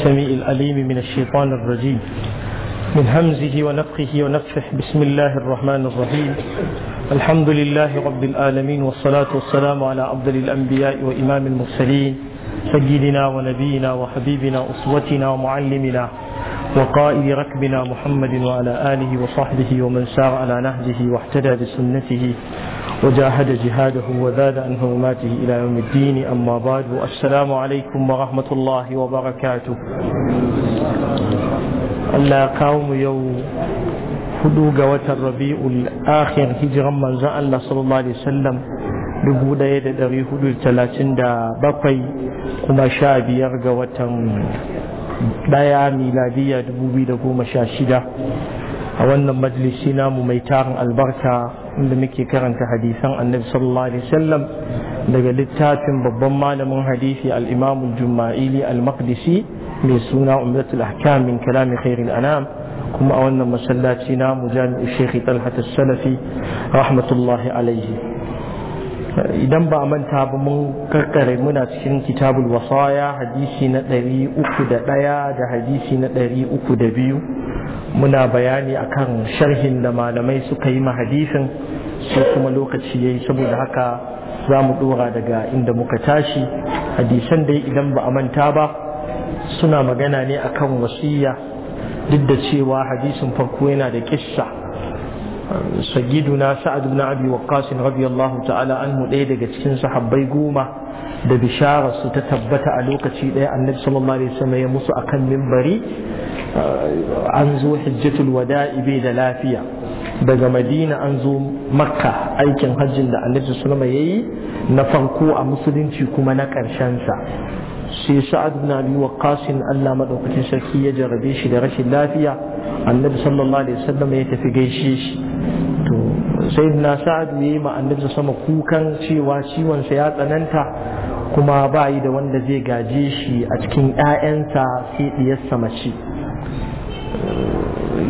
السميع الأليم من الشيطان الرجيم من همزه ونفخه ونفخه بسم الله الرحمن الرحيم الحمد لله رب العالمين والصلاة والسلام على أفضل الأنبياء وإمام المرسلين سيدنا ونبينا وحبيبنا أسوتنا ومعلمنا وقائد ركبنا محمد وعلى آله وصحبه ومن سار على نهجه واحتدى بسنته وجاهد جهاده وزاد عن هرماته إلى يوم الدين أما بعد السلام عليكم ورحمة الله وبركاته الله mu yau hudu ga watan rabi'ul akhir hijiran manzon Allah sallallahu alaihi wasallam dubu daya da ɗari hudu talatin da bakwai kuma sha biyar ga watan daya miladiya dubu biyu da goma sha shida a wannan majalisi mu mai tarin albarka inda muke karanta hadisan annabi sallallahu alaihi wasallam daga littafin babban malamin hadisi al-imam al-juma'ili al-maqdisi mai suna umdatul ahkam min kalami khairil anam kuma a wannan masallaci na mu jami'u shekhi salafi rahmatullahi alaihi idan ba manta ba mun karkare muna cikin kitabul wasaya hadisi na ɗari uku da ɗaya da hadisi na ɗari uku da biyu muna bayani akan sharhin da malamai suka yi ma hadisin sai kuma lokaci yayi saboda haka za mu ɗora daga inda muka tashi hadisan dai idan ba a manta ba suna magana ne akan wasiya duk da cewa hadisin farko yana da kissa sayyiduna sa'ad ibn abi waqqas radiyallahu ta'ala anhu ɗaya daga cikin sahabbai goma da bisharar su ta tabbata a lokaci ɗaya annabi sallallahu alaihi wasallam ya musu akan mimbari an zo hijjatul wada'i bai da lafiya daga madina an zo makka aikin hajjin da annabi sallallahu alaihi wasallam yayi na farko a musulunci kuma na karshen sa sai sa'ad bin abi waqqas Allah madaukakin sarki ya jarabe shi da rashin lafiya annabi sallallahu alaihi wasallam ya tafi gaishe shi to sai na sa'ad ne ma annabi sama kukan cewa ciwon sa ya tsananta kuma ba yi da wanda zai gaje shi a cikin ƴaƴansa sai diyarsa mace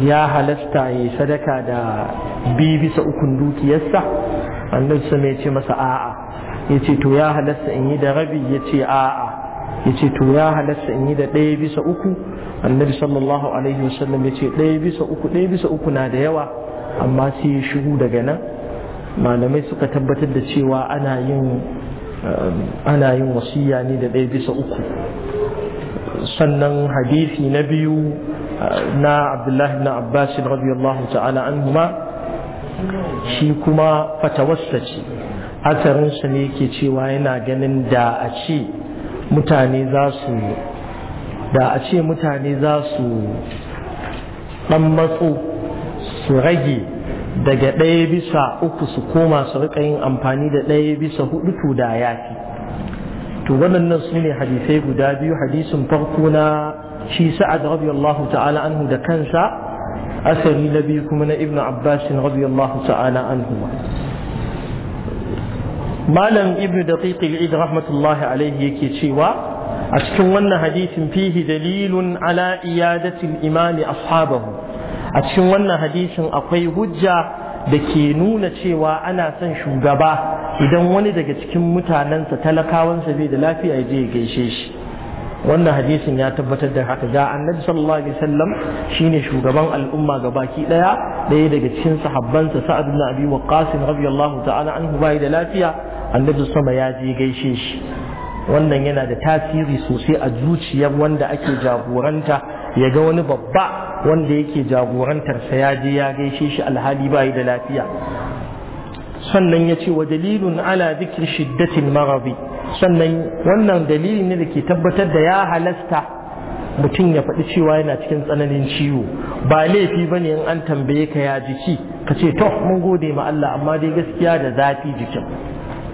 ya halasta ya sadaka da bi bisa ukun dukiyarsa annabi sama ya ce masa a'a ya ce to ya halasta in yi da rabi ya ce a'a ya ce to ya halatta in yi da ɗaya bisa uku annabi sallallahu alaihi wasallam ya ce ɗaya bisa uku ɗaya bisa uku na da yawa amma sai ya shigo daga nan malamai suka tabbatar da cewa ana yin eh, ana yin wasiya ne da ɗaya bisa uku sannan hadisi na biyu eh, na abdullahi na abbas radiyallahu ta'ala an anhuma shi kuma fatawarsa ce hatsarinsa ne ke cewa yana ganin da a ce mutane za su da a ce mutane za su ɗan matso su rage daga ɗaya bisa uku su koma su rika yin amfani da ɗaya bisa hudu to da ya fi to waɗannan su ne hadisai guda biyu hadisin farko na shi sa'ad radiyallahu ta'ala anhu da kansa asali na biyu kuma na ibnu abbasin radiyallahu ta'ala anhu malam ibn daqiq al rahmatullahi alaihi yake cewa a cikin wannan hadisin fihi dalilun ala iyadati al imani ashabahu a cikin wannan hadisin akwai hujja da ke nuna cewa ana son shugaba idan wani daga cikin mutanensa talakawansa bai da lafiya ya je ya gaishe shi wannan hadisin ya tabbatar da haka ga annabi sallallahu alaihi wasallam shine shugaban al'umma gabaki daya daya daga cikin sahabbansa sa'ad ibn abi waqqas radiyallahu ta'ala anhu bai da lafiya annabi sama ya je gaishe shi wannan yana da tasiri sosai a zuciyar wanda ake jagoranta ya ga wani babba wanda yake jagorantarsa ya je ya gaishe shi alhali bayi da lafiya sannan ya ce wa dalilun ala zikir shiddatin marabi sannan wannan dalili ne da ke tabbatar da ya halasta mutum ya faɗi cewa yana cikin tsananin ciwo ba laifi ba ne in an tambaye ka ya jiki ka ce to mun gode ma Allah amma dai gaskiya da zafi jikin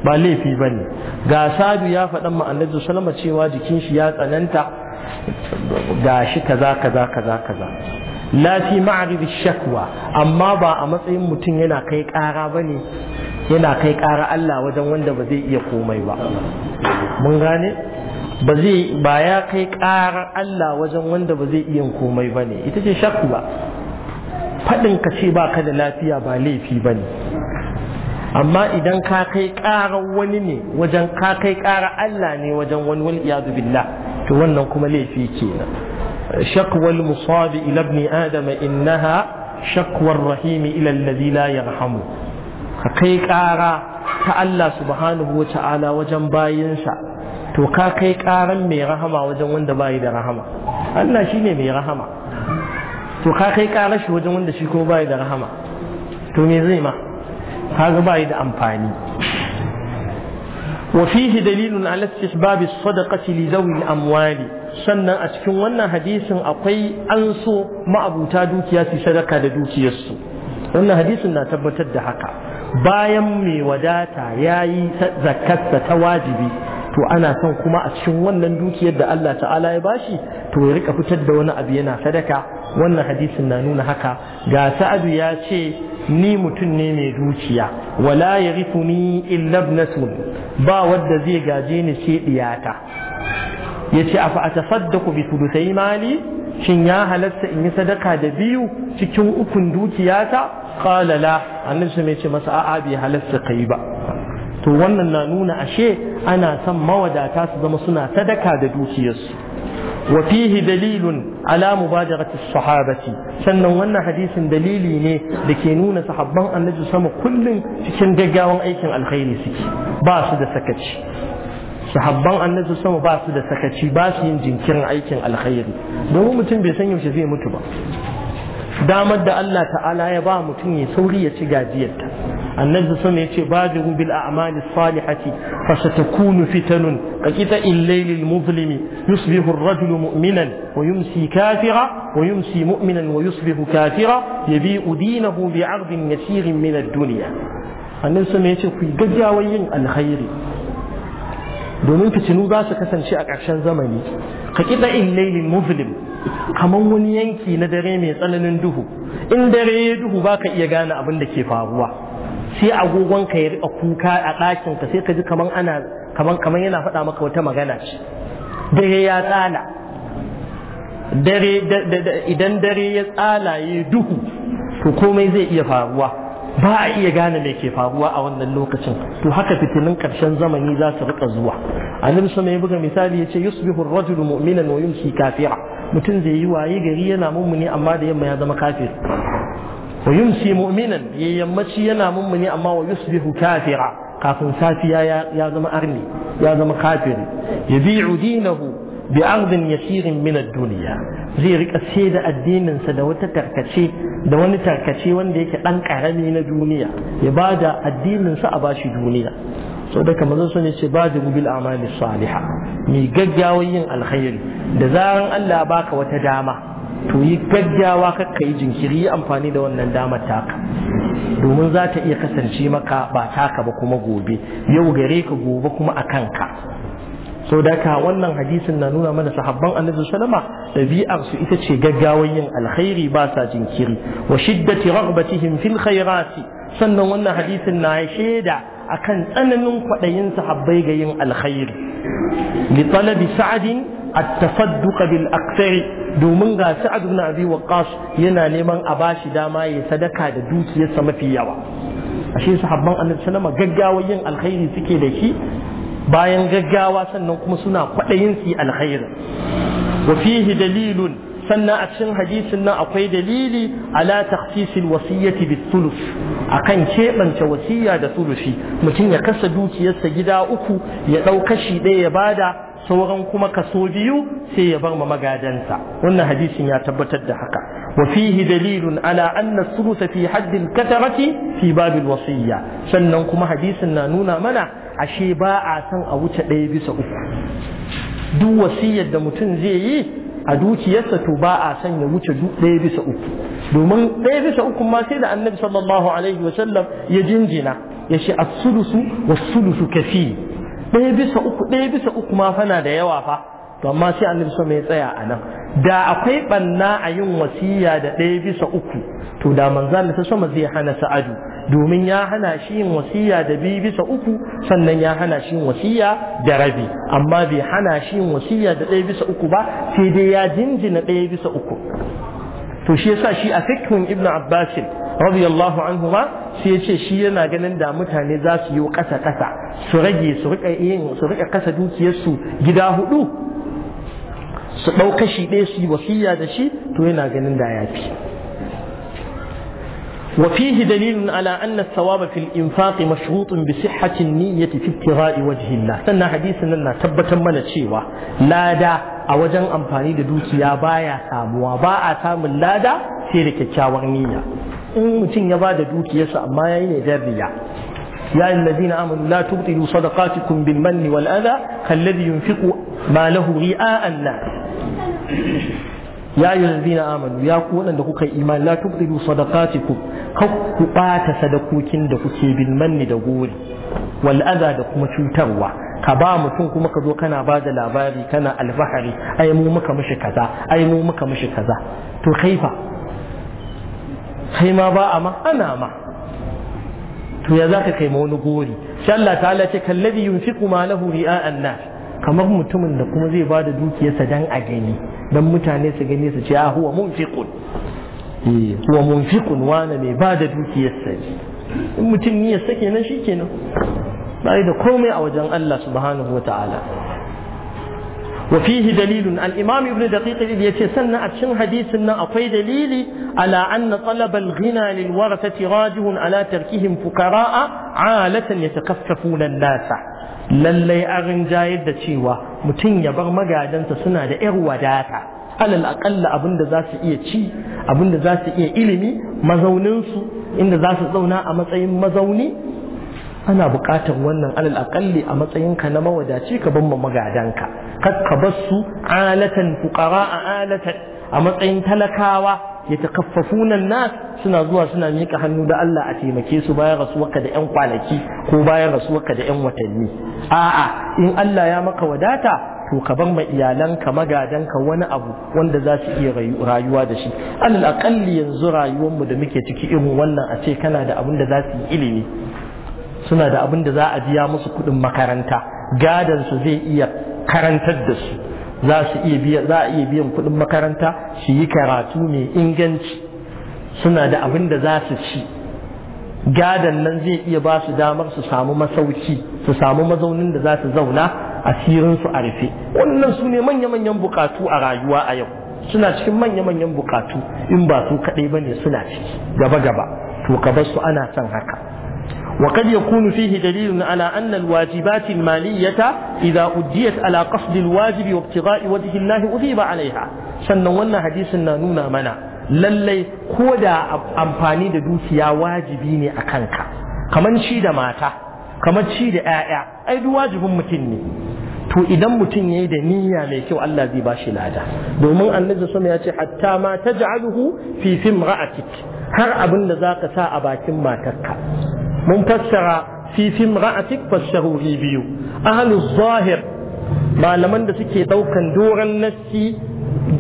ba laifi ba ne ga sadu ya faɗan ma'anar da salama cewa jikin shi ya tsananta ga shi kaza kaza kaza kaza la fi ma'aridi shakwa amma ba a matsayin mutum yana kai ƙara ba ne yana kai ƙara Allah wajen wanda ba zai iya komai ba mun gane ba zai ba ya kai ƙara Allah wajen wanda ba zai iya komai ba ne ita ce shakwa faɗin ka ce ba ka da lafiya ba laifi ba ne amma idan ka kai ƙara wani ne wajen ka kai ƙara Allah ne wajen wani wani iyadu billah to wannan kuma laifi kenan shakwal musabi ila ibn adam innaha shakwar Rahim ila alladhi la yarhamu ka kai ƙara ta Allah subhanahu wa ta'ala wajen bayinsa to ka kai ƙaran mai rahama wajen wanda bayi da rahama Allah shine mai rahama to ka kai karan shi wajen wanda shi ko bayi da rahama to me zai ma kaga ba da amfani وفيه دليل على استحباب الصدقة لذوي الأموال sannan a cikin wannan hadisin akwai an so ma'abuta dukiya su sadaka da dukiyarsu wannan hadisin na tabbatar da haka bayan mai wadata ya yi zakarsa ta wajibi to ana son kuma a cikin wannan dukiyar da Allah ta'ala ya bashi to ya rika fitar da wani abu yana sadaka wannan hadisin na nuna haka ga sa'adu ya ce ni mutum ne mai dukiya wala ya ni illa ibnatun ba wadda zai gaje ni ce diyata a afa atasaddaqu bi thuluthai mali shin ya halatta in yi sadaka da biyu cikin ukun dukiyata qala la annabi sai masa a'a bai halatta kai ba to wannan na nuna ashe ana son mawadata su zama suna sadaka da dukiyarsu wa fihi dalilun ala mubadaratis sahabati sannan wannan hadisin dalili ne da ke nuna sahabban annabi sama kullun cikin gaggawan aikin alkhairi suke ba su da sakaci sahabban annabi sama ba su da sakaci ba su yin jinkirin aikin alkhairi domin mutum bai san yaushe zai mutu ba damar da Allah ta'ala ya ba mutum ya sauri ya ci gajiyarta annabi sun ya ce badiru bil a'mali salihati fa satakunu fitanun qita illal lil muzlimi yusbihu ar-rajul mu'minan wa yumsi kafira wa yumsi mu'minan wa yusbihu kafira yabi'u dinahu bi 'ardin yasirin min ad-dunya annabi sun ya ce ku gaggawar yin alkhairi domin fitinu za su kasance a ƙarshen zamani ka kiɗa in lailin muslim kamar wani yanki na dare mai tsananin duhu in dare ya duhu ba ka iya gane abin da ke faruwa sai agogon ka ya rika kuka a ɗakin ka sai ka ji kaman ana kaman kaman yana faɗa maka wata magana ce dare ya tsala dare idan dare ya tsala ya duhu to komai zai iya faruwa ba a iya gane me ke faruwa a wannan lokacin to haka fitilin karshen zamani za su rika zuwa annabi sama ya buga misali yace yusbihu ar-rajulu mu'minan wa yumsi kafira mutum zai yi waye gari yana mummuni amma da yamma ya zama kafir wa yumsi mu'minan yammaci yana mummuni amma wa yusbihu kafira kafin safiya ya zama arni ya zama kafiri yabi'u dinahu bi ardin yasirin min duniya. zai rika sai da addininsa da wata tarkace da wani tarkace wanda yake ɗan karami na duniya ya ba bada addininsa a bashi duniya sau da kamar sun ne ce bada bil amali salihah mai gaggawar yin alkhairi da zaran Allah baka wata dama to yi gaggawa kakka yi jinkiri yi amfani da wannan damar taka domin za ta iya kasance maka ba taka ba kuma gobe yau gare ka gobe kuma a kanka sau da ka wannan hadisin na nuna mana sahabban annabi sallama ɗabi'ar su ita ce gaggawar yin alkhairi ba sa jinkiri wa shiddati raghbatihim fil khairati sannan wannan hadisin na shaida akan tsananin kwaɗayin sahabbai ga yin alkhairi li talabi sa'adin at-tasadduq bil aktsari domin ga sa'ad ibn abi waqqas yana neman a bashi dama ya sadaka da dukiyarsa mafi yawa ashe sahabban annabi sallama gaggawa yin alkhairi suke da shi bayan gaggawa sannan kuma suna kwaɗayin su alkhairi wa fihi dalilun sannan a cikin hadisin nan akwai dalili ala takhsisil wasiyyati bit thuluth akan keɓance wasiyya da thuluthi mutum ya kasa dukiyarsa gida uku ya ɗau kashi ɗaya ya bada sauran kuma kaso biyu sai ya bar ma magadansa wannan hadisin ya tabbatar da haka wa fihi dalilun ala anna thuluth fi haddil katarati fi babil wasiyya sannan kuma hadisin na nuna mana ashe ba a san a wuce ɗaya bisa uku duk wasiyyar da mutum zai yi a dukiyarsa to ba a son ya wuce ɗaya bisa uku domin ɗaya bisa uku ma sai da annabi sallallahu alaihi wa sallam ya jinjina ya ce as-sulusu was-sulusu kafi ɗaya bisa uku ɗaya bisa uku ma fana da yawa fa to amma sai annabi sama ya tsaya a nan da akwai banna a yin wasiya da ɗaya bisa uku to da Allah ta sama zai hana sa'adu domin ya hana shi yin wasiya da biyu bisa uku sannan ya hana shi yin wasiya da rabi amma bai hana shi yin wasiya da ɗaya bisa uku ba sai dai ya jinjina ɗaya bisa uku to shi yasa shi a fikhun ibnu abbas radiyallahu anhu ma sai ya ce shi yana ganin da mutane za su yi kasa kasa su rage su rika yin su rika kasa dukiyarsu gida hudu su ɗau kashi ɗaya su yi wasiya da shi to yana ganin da ya fi وفيه دليل على أن الثواب في الإنفاق مشروط بصحة النية في ابتغاء وجه الله سنة حديثنا أن تبتا من تشيوة لا دا أوجن أمفاني دوكي يا بايا ساموا باء سام لا دا سيرك تشاور نية إن متن يبا دوكي يسا ما يين ذرية يا الذين آمنوا لا تبطلوا صدقاتكم بالمن والأذى كالذي ينفق ما له رئاء الناس ya yi zina amanu ya ku waɗanda kuka yi imani la tubdilu sadaqatikum kar ku ɓata sadakokin da kuke bin manni da gori Wal'ada da kuma cutarwa ka ba mutum kuma ka zo kana ba da labari kana alfahari ai mu muka mishi kaza ai mu muka mishi kaza to kaifa kai ma ba a ma ana ma to ya zaka kai ma wani gori shi Allah ta'ala ce kallabi yunfiqu ma lahu ri'a an-nas kamar mutumin da kuma zai ba da dukiyarsa dan a gani dan mutane su gane su ce a huwa munfiqun eh huwa munfiqun wana ne ba da dukiyar sai in mutum niyyar sa kenan shikenan ba da komai a wajen Allah subhanahu wataala wa fihi dalilun al imam ibn daqiq yace sannan a cikin hadisin nan akwai dalili ala anna talab al ghina lil warathati rajihun ala tarkihim fuqaraa alatan yatakaffafuna an الناس lallai an jayar da cewa mutum ya bar magadansa suna da 'yar wadata alal aƙalla abin da za su iya ci abin da za su iya ilimi mazauninsu inda za su zauna a matsayin mazauni ana buƙatar wannan alal aƙalli a matsayinka na mawadaci ka ban ma magadanka kar ka bar su alatan fukara, a alatan a matsayin talakawa yatakaffafuna nan na suna zuwa suna miƙa hannu da Allah a taimake su bayan rasuwarka da 'yan kwanaki ko bayan ka da 'yan watanni a'a in Allah ya maka wadata to ka bar ma iyalanka magadanka wani abu wanda za su iya rayuwa da shi alal aƙalli yanzu mu da muke ciki irin wannan a ce kana da abin da za su yi ilimi suna da abun da za a biya musu kuɗin makaranta gadansu zai iya karantar da su za su iya a iya biyan kuɗin makaranta su yi karatu mai inganci suna da abin da za su ci gadan nan zai iya ba su damar su samu masauki su samu mazaunin da za su zauna asirinsu a rufe wannan su ne manya-manyan bukatu a rayuwa a yau suna cikin manya-manyan bukatu in ba su kaɗai ba ne suna ciki gaba-gaba to ka bar su ana son haka وقد يكون فيه دليل على أن الواجبات المالية إذا أديت على قصد الواجب وابتغاء وجه الله Sannan wannan hadisin na nuna mana. lallai ko da amfani da dukiya wajibi ne a kanka kamar ci da mata kamar ci da 'ya'ya ai duk wajibin mutum ne to idan mutum ya yi da niyya mai kyau Allah zai ba shi lada domin annabi sama ya ce hatta ma taj'aluhu fi fimra'atik har abin da za ka sa a bakin matarka مفسرة في في امرأتك فسروا لي بيو أهل الظاهر ما لمن دا سكي دو كان دور النس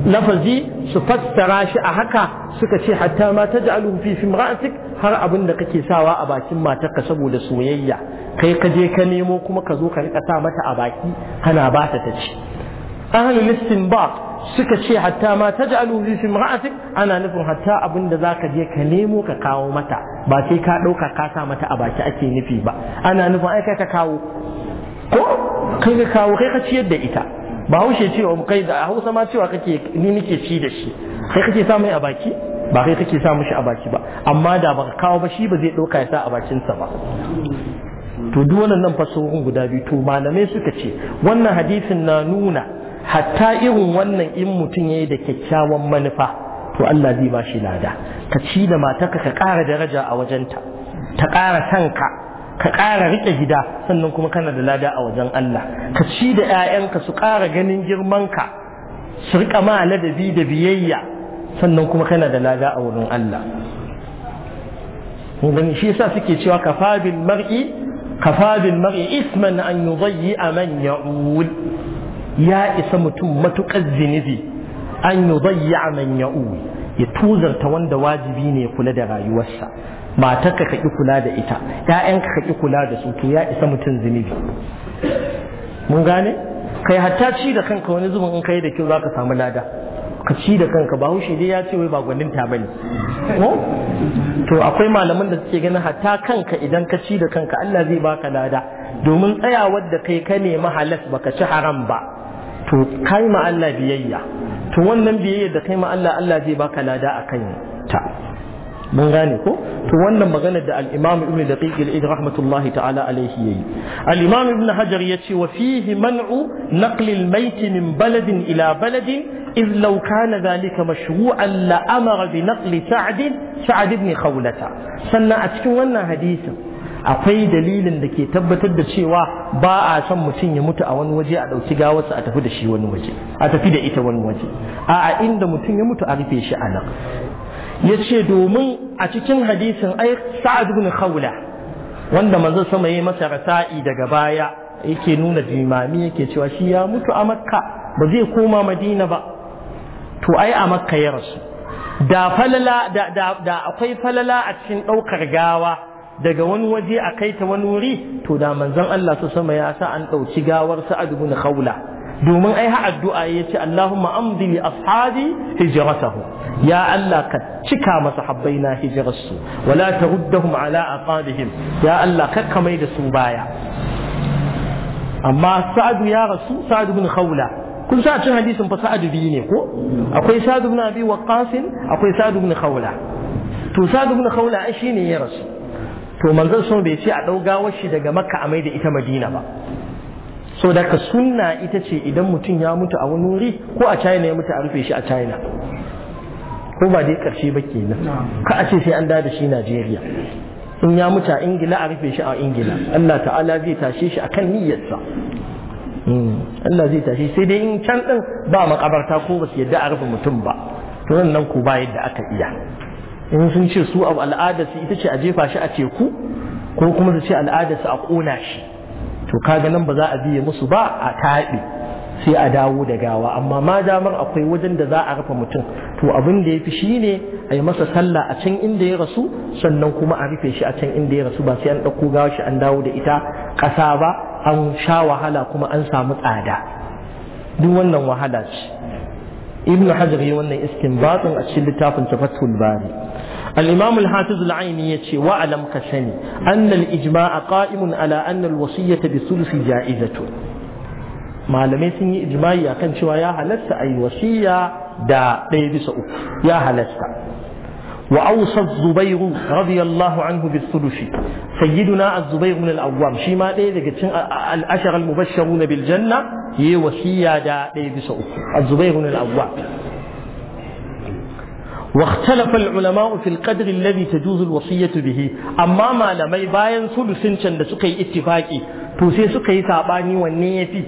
نفذي سفسرة شي أحكا سكتي حتى ما تجعله في في امرأتك هر أبن دا كي ساوا أباكي ما تقسبوا لسويا كي قد يكني موكو مكزوك لك أتامة هنا باتتش ahlul istinbat suka ce hatta ma taj'alu fi imra'atik ana nufin hatta abinda zaka je ka nemo ka kawo mata ba sai ka dauka ka sa mata a baki ake nufi ba ana nufin ai kai ka kawo ko kai ka kawo kai ka ciyar da ita ba haushe cewa kai da hausa ma cewa kake ni nake ci da shi kai kake sa mai a baki ba kai kake sa mishi a baki ba amma da baka kawo ba shi ba zai dauka ya sa a bakinsa ba to duk wannan fasahohin guda biyu to malamai suka ce wannan hadisin na nuna hatta irin wannan in mutum ya yi da kyakkyawan manufa to Allah zai ba shi lada ka ci da matarka ka kara daraja a wajenta ta ƙara sanka ka ƙara rike gida sannan kuma kana da lada a wajen Allah ka ci da 'ya'yanka su kara ganin girmanka su riƙa ma ladabi da biyayya sannan kuma kana da lada a wurin Allah gani shi yasa suke cewa kafabil mar'i kafabil mar'i isman an yudayyi man ya'ul ya isa mutum matuƙar zinibi an yi zayya man ya ya tuzarta wanda wajibi ne ya kula da rayuwarsa matarka ka ƙi kula da ita ‘ya'yanka ka ƙi kula da su to ya isa mutum zinibi mun gane kai hatta ci da kanka wani zubin in kai da kyau za ka samu lada ka ci da kanka ba hushe dai ya ce wai ba gwanin ta bane to akwai malaman da suke ganin hatta kanka idan ka ci da kanka Allah zai baka lada domin tsayawar da kai ka nemi halas baka ci haram ba to kai ma Allah biyayya to wannan biyayya da kai ma Allah Allah zai baka lada akan ta mun gane ko to wannan maganar da al-Imam Ibn Daqiq al-Id rahmatullah ta'ala alayhi yayi al-Imam Ibn Hajar yace wa fihi man'u naqli al-mayt min baladin ila baladin إذ لو كان ذلك مشروعا لأمر بنقل سعد سعد بن خولة سنة أتكون هديثا akwai dalilin da ke tabbatar da cewa ba a son mutum ya mutu a wani waje a ɗauki gawarsa a tafi da shi wani waje a tafi da ita wani waje a inda mutum ya mutu a rufe shi a nan ya ce domin a cikin hadisin ai sa'ad ibn khawla wanda manzo sama yayi masa rasa'i daga baya yake nuna jimami yake cewa shi ya mutu a makka ba zai koma madina ba to ai a makka ya rasu da falala da akwai falala a cikin ɗaukar gawa daga wani waje a kai ta wani wuri to da manzon Allah su sama ya sa an ɗauki gawar sa'ad ibn khawla domin ai ha addu'a ya ce Allahumma amdi li ashabi hijratahu ya Allah ka cika masa habbaina hijrarsu wala taruddahum ala aqadihim ya Allah kakka mai da su baya amma sa'ad ya rasu sa'ad ibn khawla kun sa cin hadisin fa sa'ad biyu ne ko akwai sa'ad ibn abi waqqas akwai sa'ad ibn khawla to sa'ad ibn khawla ai shine ya rasu to manzon sun bai ce a ɗau gawar shi daga makka a mai da ita madina ba so ka sunna ita ce idan mutum ya mutu a wani wuri ko a china ya mutu a rufe shi a china ko ba dai karshe ba kenan ka a ce sai an da shi najeriya in ya mutu a ingila a rufe shi a ingila allah ta'ala zai tashe shi akan niyyarsa hmm. Allah zai tashi sai dai in can ɗin ba makabarta ko ba su yadda a rufe mutum ba to nan ku ba yadda aka iya in sun ce su abu al'adarsu ita ce a jefa shi a teku ko kuma su ce al'adarsu a ƙona shi to kaga nan ba za a biye musu ba a taɓe sai a dawo da gawa amma ma damar akwai wajen da za a rufe mutum to abin da ya fi shi ne a yi masa sallah a can inda ya rasu sannan kuma a rufe shi a can inda ya rasu ba sai an ɗauko gawa shi an dawo da ita ƙasa ba an sha wahala kuma an samu tsada duk wannan wahala ce ابن حجر yi wannan istinbatin a cikin littafin tafatul الإمام الحافظ العيني يتشي وألم كسني أن الإجماع قائم على أن الوصية بالثلث جائزة ما لم يسني إجماع يا كان شوى يا هلست أي وصية دا بيبس يا هلست وأوصى الزبير رضي الله عنه بالثلث سيدنا الزبير من الأوام شيما ليه الأشر المبشرون بالجنة yi wasiya da ɗaya bisa uku az-zubair ibn al-awwab واختلف العلماء في القدر الذي تجوز الوصية به أما ما لم باين سلسن شند سكي اتفاقي توسي سكي ساباني والنيفي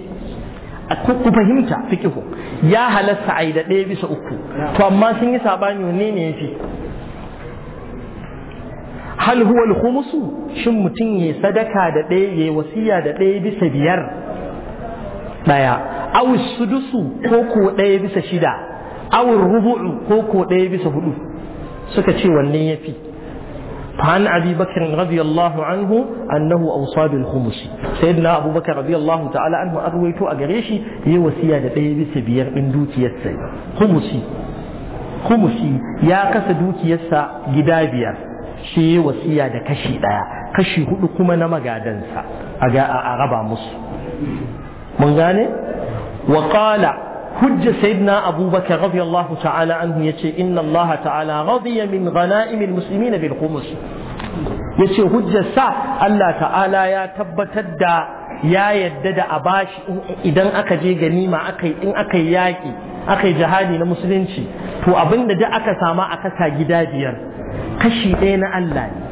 ku fahimta fikihu ya halarta a yi da ɗaya bisa uku to amma sun yi sabani wanne ne ya fi hal huwa al shin mutum ya sadaka da ɗaya ya wasiya da ɗaya bisa biyar ɗaya awul sudusu ko ko ɗaya bisa shida awul rubu'u ko ko ɗaya bisa hudu suka ce wanne ya fi فعن أبي بكر رضي الله عنه أنه أوصى بالخمس سيدنا أبو بكر رضي الله تعالى عنه أرويت أجريشي يوسيا لبيبي سبير من دوتي السي خمسي خمسي يا قس دوتي السا جدابيا شي وسيا لكشي دايا كشي هدو كما نما قادنسا أغا أغبا مصر mun gane wa qala hujja sayyidina abubakar radiyallahu ta'ala anhu yace inna allaha ta'ala radiya min ghanaim almuslimin bil khumus yace hujjar sa Allah ta'ala ya tabbatar da ya yadda da a bashi idan aka je ganima akai in aka yaki akai jihadi na musulunci to abinda da aka samu a kasa gida biyar kashi ɗaya na Allah ne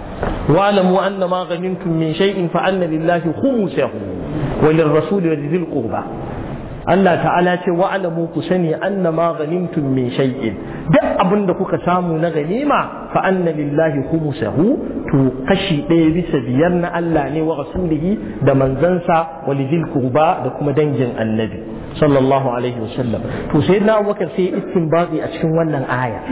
واعلموا أن ما غنمتم من شيء فأن لله خمسه وللرسول ولذي القربى Allah ta'ala ce wa'alamu ku sani anna ma ghanimtum min shay'in duk abin da kuka samu na ganima fa anna lillahi khumsahu to kashi daya bisa biyar na Allah ne wa rasulihi da manzansa wa lizil qurba da kuma dangin annabi sallallahu alaihi wa wasallam to sai na Abubakar sai istinbati a cikin wannan aya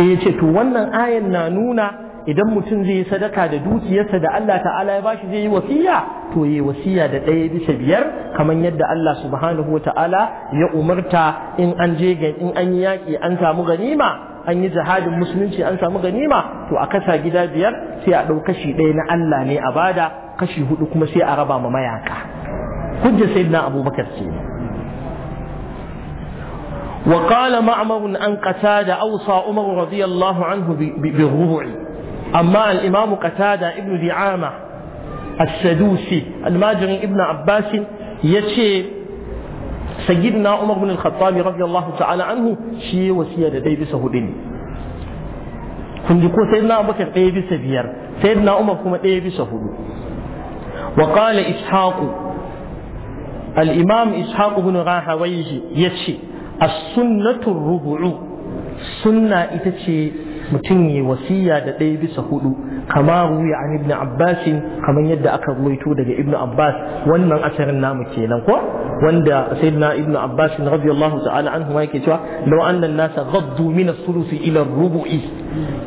sai ya ce to wannan ayan na nuna idan mutum zai yi sadaka da dukiyarsa da Allah ta'ala ya bashi zai yi wasiya to yi wasiya da ɗaya bisa biyar kamar yadda Allah subhanahu wa ta'ala ya umarta in an je in an yi yaƙi an samu ganima an yi jihadin musulunci an samu ganima to a kasa gida biyar sai a ɗau kashi ɗaya na Allah ne a bada kashi hudu kuma sai a raba ma mayaka hujja sayyidina abubakar ce وقال معمر عن قتادة أوصى عمر رضي الله عنه بالربع amma al-imam qatada ibn di'ama a sadusi al-majrin ibn abbas yace sayyidina umar ibn al-khattab radiyallahu ta'ala anhu shi wasiya da dai bisa hudu ne kun ji ko sayyidina abubakar ɗaya bisa biyar sayyidina umar kuma ɗaya bisa hudu wa qala ishaq al-imam ishaq ibn rahawayhi ce as-sunnatu rubu'u sunna ita ce mutum yi wasiya da ɗaya bisa hudu kama ruwa an ibn abbas kamar yadda aka ruwaito daga ibn abbas wannan asarin namu kenan ko wanda sayyidina ibn abbas radiyallahu ta'ala anhu ma yake cewa law anna an-nasa ghaddu min as-sulus ila ar-rubu'i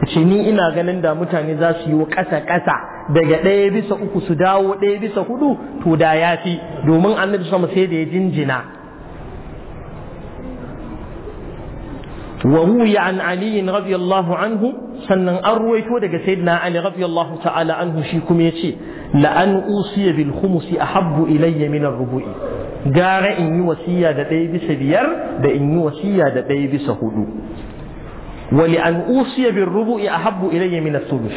ce ni ina ganin da mutane za su yi kasa kasa daga ɗaya bisa uku su dawo ɗaya bisa hudu to da ya fi domin annabi sama sai da ya jinjina وروي عن علي رضي الله عنه سنن أرويت ودق سيدنا علي رضي الله تعالى عنه شيكم يتي لأن أوصي بالخمس أحب إلي من الربوع قال إني وسيا دا بيبس بير دا إني وسيا دا بيبس هدو ولأن أوصي بالربوع أحب إلي من الثلث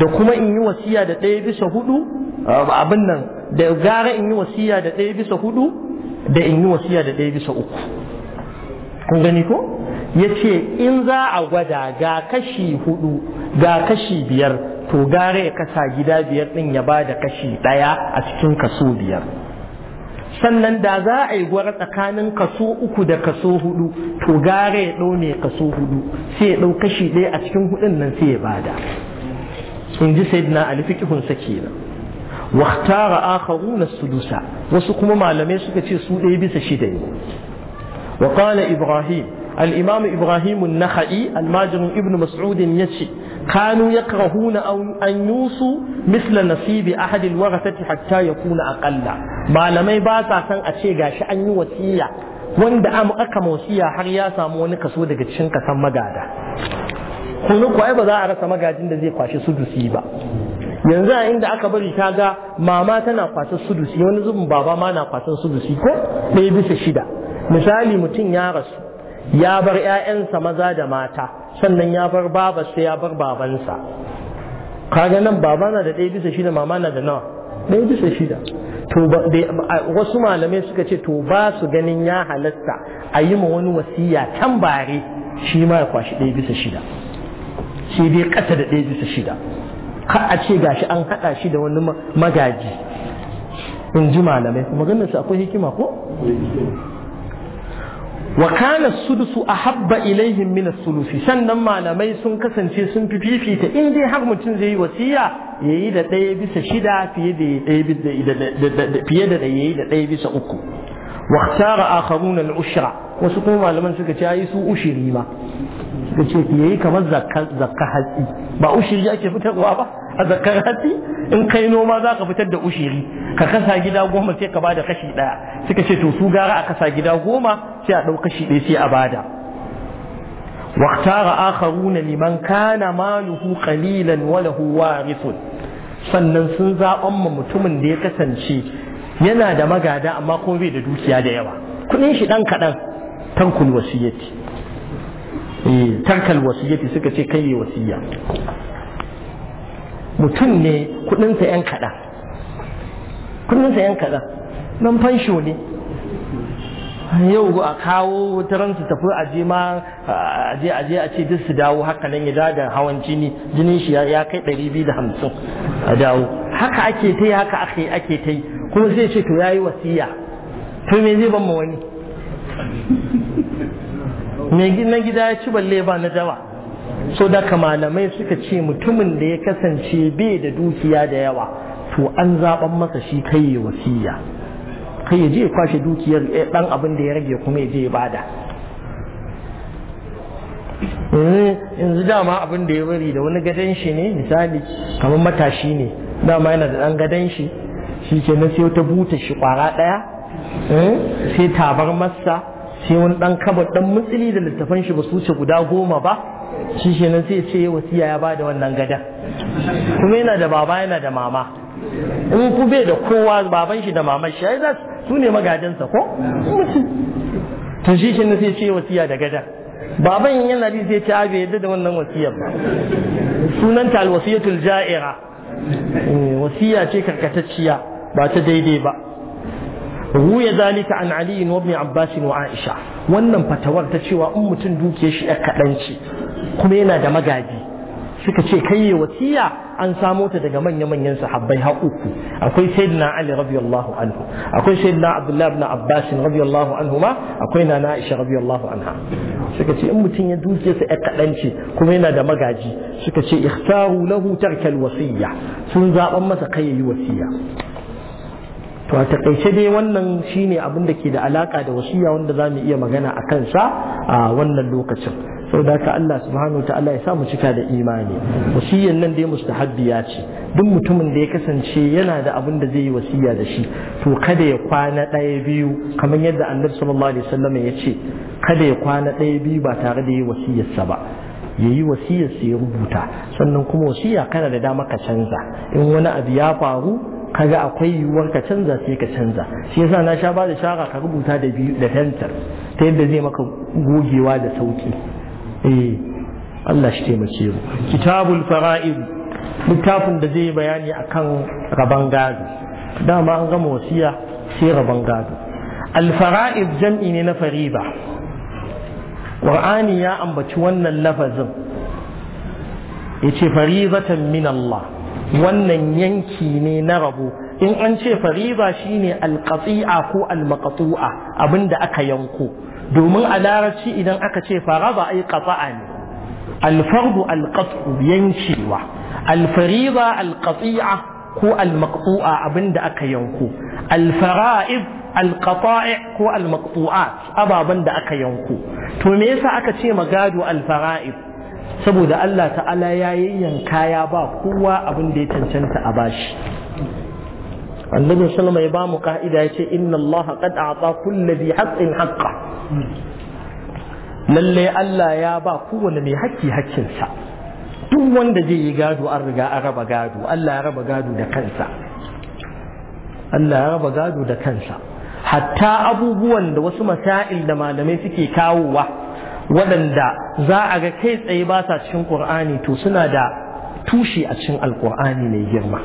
da kuma in yi wasiya da ɗaya bisa hudu abin nan da gara in yi wasiya da ɗaya bisa hudu da in yi wasiya da ɗaya bisa uku kun gani ko ya ce in za a gwada ga kashi hudu ga kashi biyar to gare ya kasa gida biyar din ya ba da kashi daya a cikin kaso biyar sannan da za a yi gwara tsakanin kaso uku da kaso hudu to gare ya ɗaune kaso hudu sai ya ɗau kashi ɗaya a cikin hudun nan sai ya bada in ji sayyidina ali sudusa wasu kuma malamai السدوسة ce su ɗaya bisa yi. شدي وقال Ibrahim. al-imam ibrahim an-nakhai al-majmu ibn mas'ud yace kanu yakrahuna an yusu misla nasibi ahad al-warathati ya kuna aqalla malamai basa sa san a ce gashi anyi wasiya wanda aka wasiya har ya samu wani kaso daga cikin kasan magada kuma kuwa ba za a rasa magajin da zai kwashi sudusi ba yanzu a inda aka bari ta ga mama tana kwasan sudusi wani zubin baba ma na kwasan sudusi ko ɗaya bisa shida misali mutum ya rasu ya bar 'ya'yansa maza da mata sannan ya bar babarsa ya bar babansa kaga nan baba na da ɗaya bisa shida mama na da nawa ɗaya bisa shida to wasu malamai suka ce to ba su ganin ya halatta a yi ma wani wasiya can bare shi ma ya kwashi ɗaya bisa shida shi dai ƙasa da ɗaya bisa shida ka a ce gashi an haɗa shi da wani magaji in ji malamai maganarsa akwai hikima ko وكان السدس أحب إليهم من الثلث سنما على ميسون كسن في سنف في في إن دي حق متن زي وسيا يهيدا تيبس شدا في يدي في يدي في يدي تيبس أكو واختار آخرون العشرة وسقوم على من سكتا يسو ما da ce ya yi kamar zakka hatsi ba ushiri ake fitarwa ba a zakkar hatsi in kai noma za ka fitar da ushiri ka kasa gida goma sai ka bada kashi ɗaya. suka ce to su gara a kasa gida goma sai a ɗau kashi ɗaya sai a bada liman kana لمن كان kalilan قليلا wa وارث sannan sun zaɓan ma mutumin da ya kasance yana da magada amma kuma bai da dukiya da yawa kuɗin shi ɗan kaɗan tankul wasiyyati Eh, tarkal wasiyyati suka ce kai wasiyya mutum ne kudinsa yan kudinsa yan kaɗan nan fansho ne yau a kawo wutaran su tafi a je ma a je a ce duk su dawo haka nan ya da hawan jini jinin shi ya kai 250 a dawo haka ake ta yi haka ake ake ta yi kuma sai ce to yayi wasiyya to me zai ban ma wani mai na gida ya ci balle ba na dawa so daga malamai suka ce mutumin da ya kasance bai da dukiya da yawa to an zaɓan masa shi kai ya wasiya kai ya je ya kwashe dukiyar eh, ɗan abin da ya rage kuma ya je ya bada eh, yanzu dama abin da ya bari da wani gadon shi ne misali kamar matashi ne dama yana da ɗan gadon shi shi ke na sai ta buta shi kwara ɗaya eh, sai tabar masa sai wani dan kaba dan mutsili da littafan shi ba su ce guda goma ba shi nan sai ce wasiya ya bada wannan gada kuma yana da baba yana da mama in ku bai da kowa baban shi da maman shi ai su ne magajinsa ko to shi nan sai ce wasiya da gada baban yana da zai ce abu yadda da wannan wasiyar ba sunanta alwasiyatul ja'ira eh, wasiya ce karkatacciya ba ta daidai ba ruya zalika an ali wa ibn abbas wa aisha wannan fatawar ta cewa in mutum duke shi ya kadanci kuma yana da magaji suka ce kai yi wasiya an samo ta daga manya-manyan sahabbai har uku akwai sayyidina ali radiyallahu anhu akwai sayyidina abdullahi ibn abbas radiyallahu anhu ma akwai na aisha radiyallahu anha suka ce in mutum ya duke sa kadan ce kuma yana da magaji suka ce ikhtaru lahu tarkal wasiya sun zaban masa kai yi wasiya to a takaice dai wannan shine abin da ke da alaka da wasiya wanda za mu iya magana a kansa a wannan lokacin sau da haka Allah subhanahu ta'ala ya samu cika da imani wasiyyan nan dai ya ce duk mutumin da ya kasance yana da abin da zai yi wasiya da shi to kada ya kwana ɗaya biyu kamar yadda annabi sallallahu alaihi ya ce kada ya kwana ɗaya biyu ba tare da yi wasiyarsa ba ya yi wasiyarsa ya rubuta sannan kuma wasiya kana da dama ka canza in wani abu ya faru kaga akwai yiwuwar ka canza sai ka canza shi yasa na sha bada shara ka rubuta da biyu da fentar ta yadda zai maka gogewa da sauki eh Allah shi taimake mu kitabul fara'id littafin da zai bayani akan rabon gado dama an gama wasiya sai rabon gado al fara'id jam'i ne na fariba qur'ani ya ambaci wannan lafazin yace farizatan min Allah wannan yanki ne na rabo in an ce fariba shine alqati'a ko almaqtu'a abinda aka yanko domin a larabci idan aka ce faraba ai qata'a ne alfardu alqat'u yankewa alfariba alqati'a ko almaqtu'a abinda aka yanko alfara'id alqata'i ko almaqtu'at ababan da aka yanko to me yasa aka ce magado alfara'id saboda Allah ta'ala ya yanka ya ba kowa abin da ya cancanta a bashi annabi sallama ya ba mu ka'ida ya ce inna Allah qad a'ta kulli bi haqqin haqqa lalle Allah ya ba kowane mai haƙƙi sa. duk wanda zai yi gado an riga an raba gado Allah ya raba gado da kansa Allah ya raba gado da kansa hatta abubuwan da wasu masail da malamai suke kawowa waɗanda za a ga kai tsaye ba sa cikin ƙur'ani to suna da tushe a cikin alƙur'ani mai girma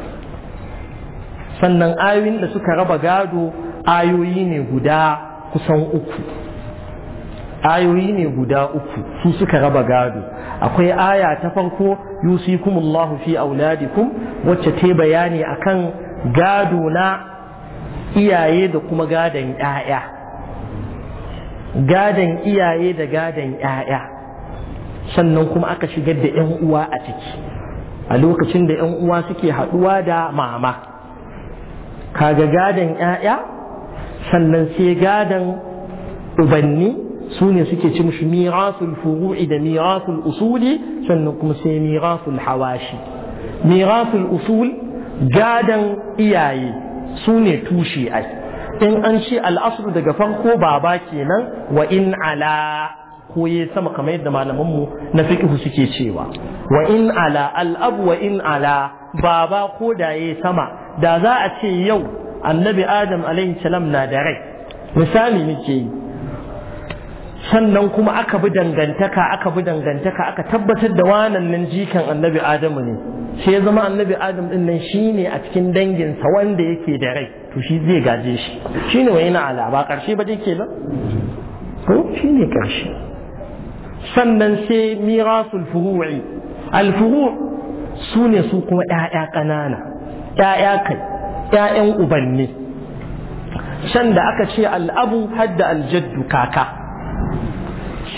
sannan ayoyin da suka raba gado ayoyi ne guda kusan uku ayoyi ne guda uku su suka raba gado akwai aya ta farko yusikumullahu fi auladikum wacce ta bayani akan gado na iyaye da kuma gadon 'ya'ya gadon iyaye da gadan 'ya'ya sannan kuma aka shigar da 'yan uwa a ciki a lokacin da 'yan uwa suke haɗuwa da mama kaga gadon 'ya'ya sannan sai gadan ubanni su ne suke ci mushi mirasul furu'i da mirasul usuli sannan kuma sai mirasul hawashi mirasul usul gadan iyaye su ne tushe ai in an ce al'asru daga farko baba kenan wa in ala ko ya sama kamar yadda malamanmu na fiqhu suke cewa wa in ala al'abu wa in ala baba ko da ya sama da za a ce yau annabi adam alayhi salam na da rai misali muke yi sannan kuma aka bi dangantaka aka bi dangantaka aka tabbatar da wanan nan jikan annabi adamu ne shi ya zama annabi adam din nan shine a cikin danginsa wanda yake da rai to shi zai gaje shi shine wai na alaba karshe ba dai kenan ko shine karshe sannan sai mirasul furu'i al furu' sune su kuma ƴaƴa ƙanana ƴaƴa kai ƴaƴan ubanni shan da aka ce al'abu hadda aljaddu kaka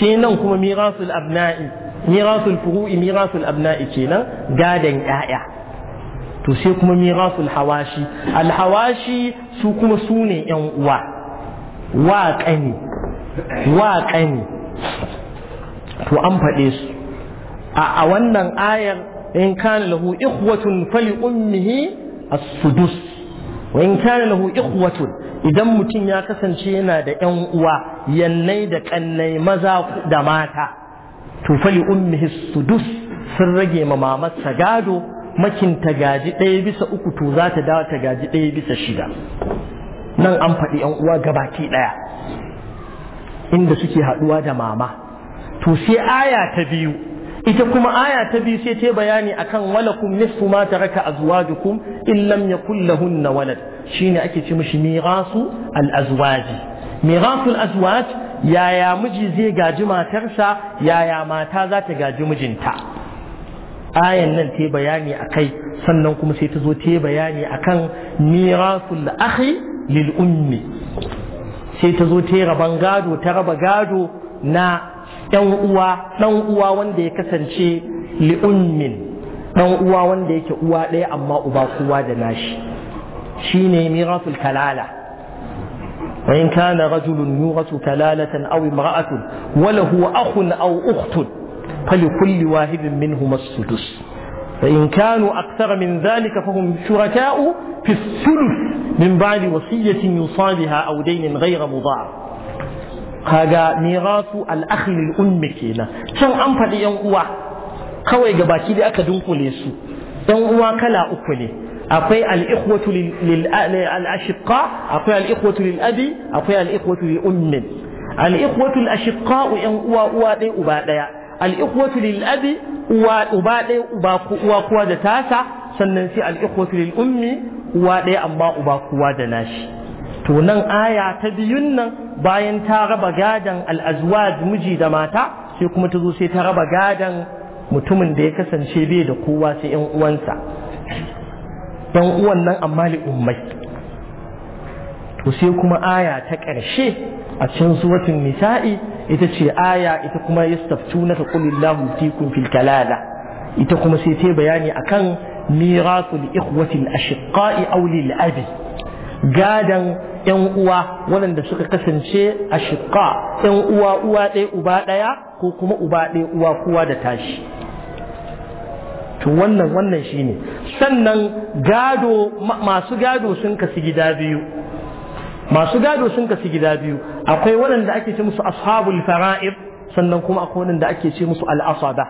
sai nan kuma mirasul abna'i mirasul furu'i mirasul abna'i kenan gadan ƴaƴa to sai kuma mirasul hawashi alhawashi su kuma su ne ƴan uwa wa ƙani wa ƙani to an faɗe su a wannan ayar in kana lahu ikhwatun fali ummihi as-sudus wa in kana lahu ikhwatun idan mutum ya kasance yana da ‘yan uwa yannai da kannai maza da mata to fali ummihi sudus sun rage ma mamarsa gado makin ta gaji ɗaya bisa uku to za ta dawo ta gaji ɗaya bisa shida nan an faɗi ‘yan uwa gabaki ɗaya inda suke haɗuwa da mama to sai aya ta biyu ita kuma aya ta biyu sai ta bayani akan walakum nisfu ma taraka azwajukum in lam yakul lahunna walad shine ake ce mishi mirasu al azwaji mirasul azwaj yaya miji zai gaji matarsa yaya mata za ta gaji mijinta ayan nan ta bayani akai sannan kuma sai ta zo ta bayani akan mirasul akhi lil ummi sai ta zo ta raban gado ta raba gado na ɗan uwa ɗan uwa wanda ya kasance li'ummin ɗan uwa wanda yake uwa ɗaya amma uba kowa da nashi shine mirasul kalala وإن كان رجل يورث كلالة أو امرأة وله أخ أو أخت فلكل واحد منهما السدس فإن كانوا أكثر من ذلك فهم شركاء في الثلث من بعد وصية يوصى بها أو دين غير مضار kaga mirasu al-akhi lil ummi kenan can an faɗi yan uwa kawai ga baki da aka dunkule su dan uwa kala uku ne akwai al-ikhwatu lil al akwai al-ikhwatu lil abi akwai al-ikhwatu lil ummi al-ikhwatu al ashiqa yan uwa uwa ɗaya uba ɗaya al-ikhwatu lil abi uwa uba ɗaya uba uwa kuwa da tasa sannan sai al-ikhwatu lil ummi uwa ɗaya amma uba kuwa da nashi to nan aya ta biyun nan bayan ta raba gadan al'azwaj miji da mata sai kuma ta zo sai ta raba gadon mutumin da ya kasance bai da kowa sai yan uwansa yan uwan nan amma li ummai to sai kuma aya ta ƙarshe a cikin suratun nisa'i ita ce aya ita kuma yastaftunaka qulillahu fikum fil kalala ita kuma sai ta bayani akan mirasul ikhwati al-ashqa'i aw abi gadan yan uwa waɗanda suka kasance a shiƙa yan uwa uwa ɗaya uba ɗaya ko kuma uba ɗaya uwa kowa da tashi to wannan wannan shine sannan gado masu gado sun kasu gida biyu masu gado sun kasu gida biyu akwai waɗanda ake ce musu ashabul fara'id sannan kuma akwai waɗanda ake ce musu al'asada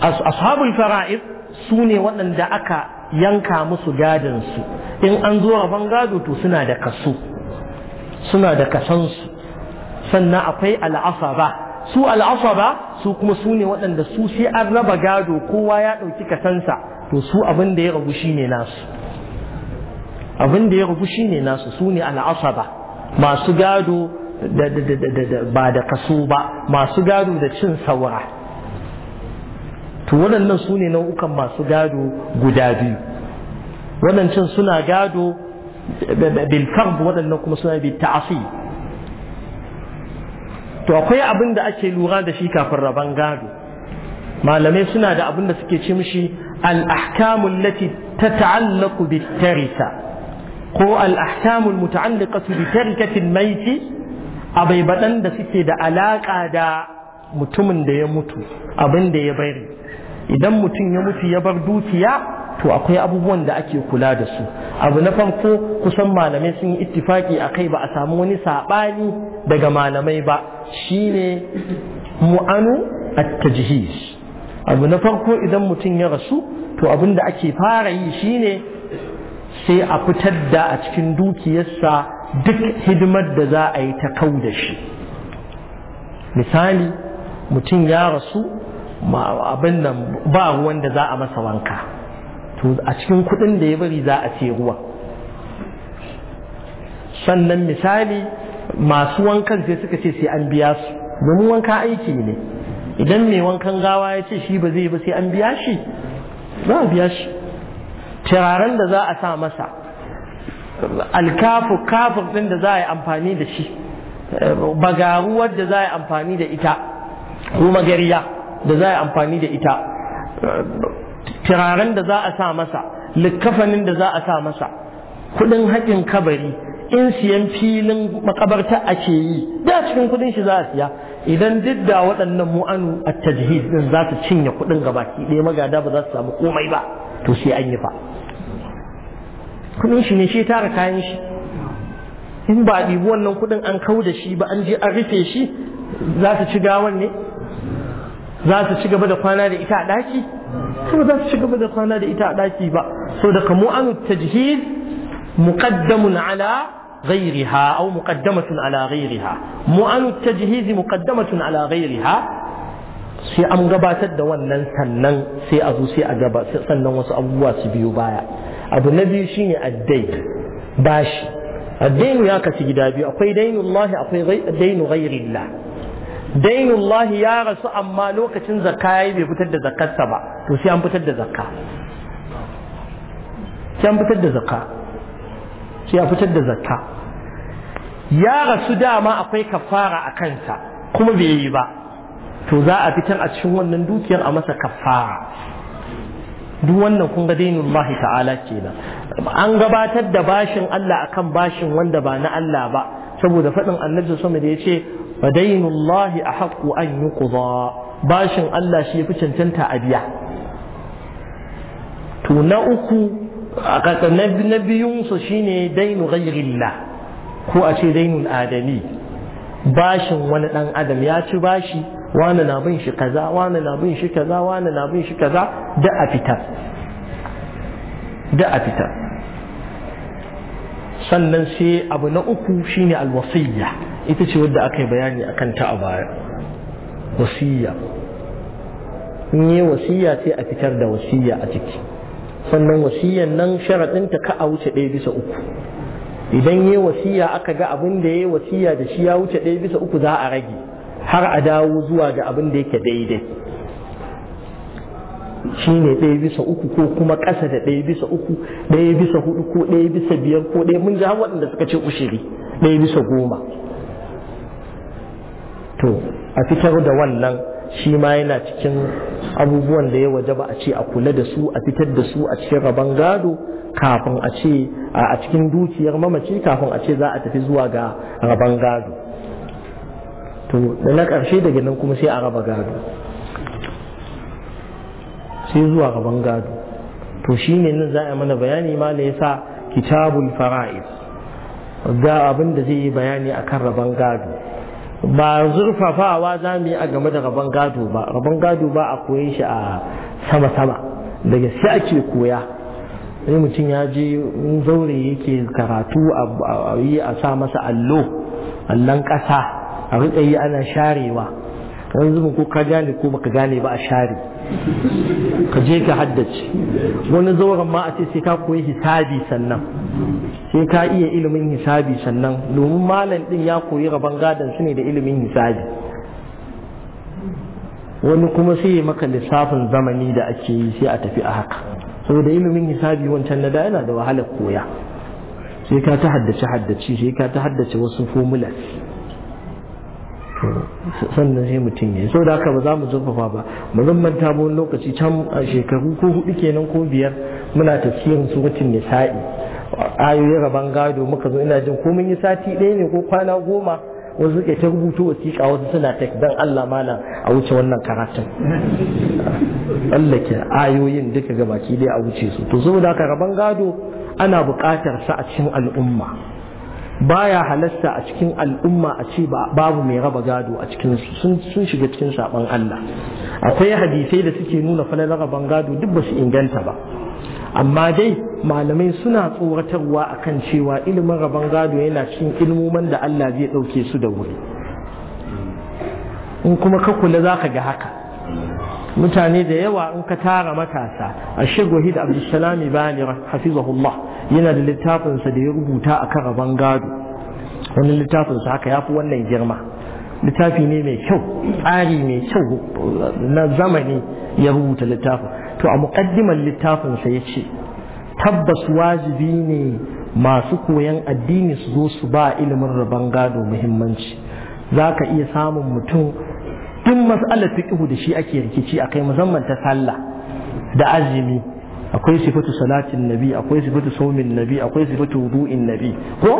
ashabul fara'id su ne waɗanda aka yanka musu su in an zo rabon gado to suna da kaso suna da kasansu sannan akwai al'asaba su al'asaba su kuma su ne waɗanda su sai an raba gado kowa ya ɗauki kasansa to su abin da ya rabu shi nasu abin da ya rabu shi nasu su ne al'asaba masu gado ba da kaso ba masu gado da cin saura to waɗannan su ne nau'ukan masu gado guda biyu waɗancan suna gado bil fard waɗannan kuma suna bil ta'asi to akwai abin da ake lura da shi kafin rabon gado malamai suna da abin da suke ce mishi al-ahkamu allati tata'allaqu bit tarika ko al-ahkamu al-muta'alliqatu bi abai badan da suke da alaƙa da mutumin da ya mutu abin da ya bari idan mutum ya mutu ya bar dukiya to akwai abubuwan da ake kula da su abu na farko kusan malamai sun yi ittifaki a kai ba a samu wani saɓani daga malamai ba shine mu'anu at-tajhiz abu na farko idan mutum ya rasu to abin da ake fara yi shine sai a fitar da a cikin dukiyarsa duk hidimar da za a yi ta kau da shi misali mutum ya rasu abin nan ba ruwan da za a masa wanka to a cikin kuɗin da ya bari za a ce ruwa sannan misali masu wankan sai suka ce sai an biya su domin wanka aiki ne idan mai wankan gawa ya ce shi ba zai ba sai an biya shi za a biya shi turaren da za a sa masa alkafu kafin ɗin da za a yi amfani da shi bagaruwar da za a yi amfani da ita ko magariya da za a amfani da ita turaren da za a sa masa likkafanin da za a sa masa kudin haƙin kabari in siyan filin makabarta ake yi da cikin kudin shi za a siya idan duk da waɗannan mu'anu a tajhid din za su cinye kudin baki ɗaya magada ba za su samu komai ba to sai an yi fa kudin shi ne shi tara kayan shi in ba a ɗibi wannan kudin an kau da shi ba an je an rufe shi za su ci gawan ne za su ci gaba da kwana da ita a ɗaki kuma za su ci gaba da kwana da ita a ɗaki ba so da kamu an tajhiz muqaddamun ala ghayriha aw muqaddamatun ala ghayriha mu an tajhiz muqaddamatun ala ghayriha sai an gabatar da wannan sannan sai a zo sai a gaba sannan wasu abubuwa su biyo baya abu na biyu shine addai bashi addainu ya kasu gida biyu akwai dainullah akwai dainu ghairillah dainullahi ya rasu amma lokacin zakka yayi bai fitar da zakkarsa ba to sai an fitar da zakka sai an fitar da zakka sai an fitar da zakka ya rasu dama akwai kafara a kansa kuma bai yi ba to za a fitar a cikin wannan dukiyar a masa kafara duk wannan kun ga dainun Allah ta'ala kenan an gabatar da bashin Allah akan bashin wanda ba na Allah ba saboda faɗin annabi wasallam da yace ce fadainu Allah ahqqu an yuqda bashin Allah shi yafi cancanta a biya to na uku a na biyun su shine dainu ghayrillah ko a ce dainul adami bashin wani dan adam ya ci bashi wani na na bin shi kaza wani na bin shi kaza da a fitar da a fitar sannan sai abu na uku shine alwasiyya ita ce wadda aka yi bayani a ta a baya wasiya in wasiya sai a fitar da wasiya a ciki sannan wasiyan nan sharaɗinta ka a wuce ɗaya bisa uku idan yi wasiya aka ga abin da ya yi wasiya da shi ya wuce ɗaya bisa uku za a rage har a dawo zuwa ga abin da yake daidai shi ne ɗaya bisa uku ko kuma ƙasa da ɗaya bisa uku ɗaya bisa hudu ko ɗaya bisa biyar ko ɗaya mun ji har waɗanda suka ce ushiri ɗaya bisa goma to a fitar da wannan shi ma yana cikin abubuwan da ya waje ba a ce a kula da su a fitar da su a cikin rabon gado kafin a ce a cikin dukiyar mamaci kafin a ce za a tafi zuwa ga rabon gado to da na ƙarshe daga nan kuma sai a raba gado sai zuwa rabon gado to shi ne nan za a mana bayani ma da ya sa kitabul fara'id ga abin da zai yi bayani akan rabon gado ba zurfafawa za mu yi a game da rabon gado ba rabon gado ba a koyin shi a sama-sama da gaske ake koya sai mutum ya je zaure yake karatu a yi a sa masa allo allon ƙasa a riƙa yi ana sharewa yanzu ba ko ka gane ko baka gane ba a share ka je ka haddace wani zauren ma a ce sai ka koyi hisabi sannan sai ka iya ilimin hisabi sannan domin malam din ya koyi rabon gadon su ne da ilimin hisabi wani kuma sai maka lissafin zamani da ake yi sai a tafi a haka saboda ilimin hisabi wancan na da yana da wahalar koya sai ka ta haddace haddace sai ka ta haddace wasu formulas sannan sai mutum ya so da haka ba za mu zurfafa ba mu zammanta ba wani lokaci can a shekaru ko hudu kenan ko biyar muna tafsirin suratul nisa'i ayoyin raban gado muka zo ina jin ko mun yi sati ɗaya ne ko kwana goma wasu suke ta rubuto wasiƙa wasu suna ta dan Allah malam a wuce wannan karatun ke ayoyin duka gabaki dai a wuce su to saboda haka raban gado ana buƙatar sa a cikin al'umma baya halasta a cikin al'umma a ce babu mai raba gado a cikin sun shiga cikin saban Allah akwai hadisai da suke nuna falalar raban gado duk ba su inganta ba amma dai malamai suna tsoratarwa akan cewa ilimin raban gado yana cikin ilmoman da Allah zai ɗauke su da wuri in kuma ka kula za ka ga haka mutane da yawa in ka tara matasa a shigo hidda abdulsalami bani hafizahullah yana da littafinsa da ya rubuta a karaban gado wani littafinsa haka ya fi wannan girma littafi ne mai kyau tsari mai kyau na zamani ya rubuta littafin to a muƙaddimar littafinsa ya ce tabbas wajibi ne masu koyan addini su zo su ba ilimin rabon gado muhimmanci za ka iya samun mutum duk mas'alar fiƙihu da shi ake rikici a kai musamman ta sallah da azumi akwai sifatu salatin nabi akwai sifatu saumin nabi akwai sifatu wudu'in nabi ko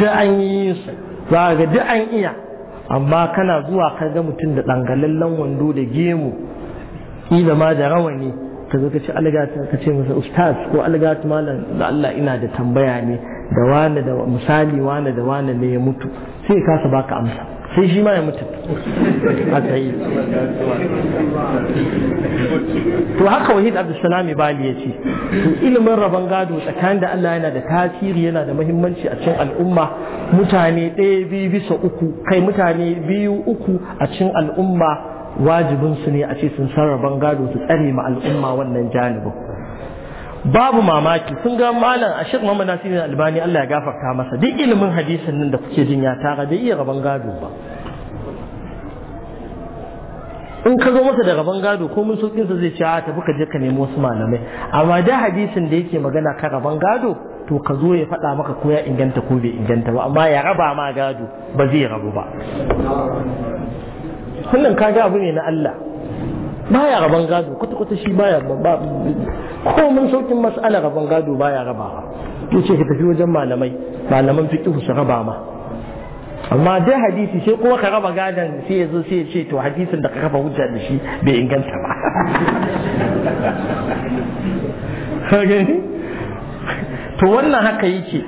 da an yi su za ga da an iya amma kana zuwa ka ga mutum da dangalallen wando da gemu Ina ma da rawani ka zo ka ce ka ce masa ustaz ko algata malam da Allah ina da tambaya ne da wani da misali wani da wani ne ya mutu sai ka sa baka amsa sai shi ma ya mutu a tsaye to haka wahid salami bali ya ce to ilimin rabon gado tsakanin da Allah yana da tasiri yana da muhimmanci a cin al'umma mutane ɗaya biyu bisa uku kai mutane biyu uku a cin al'umma wajibinsu ne a ce sun san rabon gado su tsare ma al'umma wannan janibin babu mamaki sun ga malam ashir Muhammad Nasiru Albani Allah ya gafarta masa duk ilimin hadisin nan da kuke jin ya tara bai iya raban gado ba in ka zo masa da raban gado ko mun saukin sa zai ce a tafi ka je ka nemi wasu malamai amma da hadisin da yake magana ka raban gado to ka zo ya faɗa maka ko ya inganta ko bai inganta ba amma ya raba ma gado ba zai rabu ba wannan kaga abu ne na Allah baya raban gado kwata-kwata shi baya komin saukin mas'ala rabon gado baya rabawa ya ce ka tafi wajen malamai malaman fiqh su raba ma amma dai hadisi sai kuma ka raba gadon sai yazo zo sai ya ce to hadisin da ka kafa hujja da shi bai inganta ba to wannan haka yake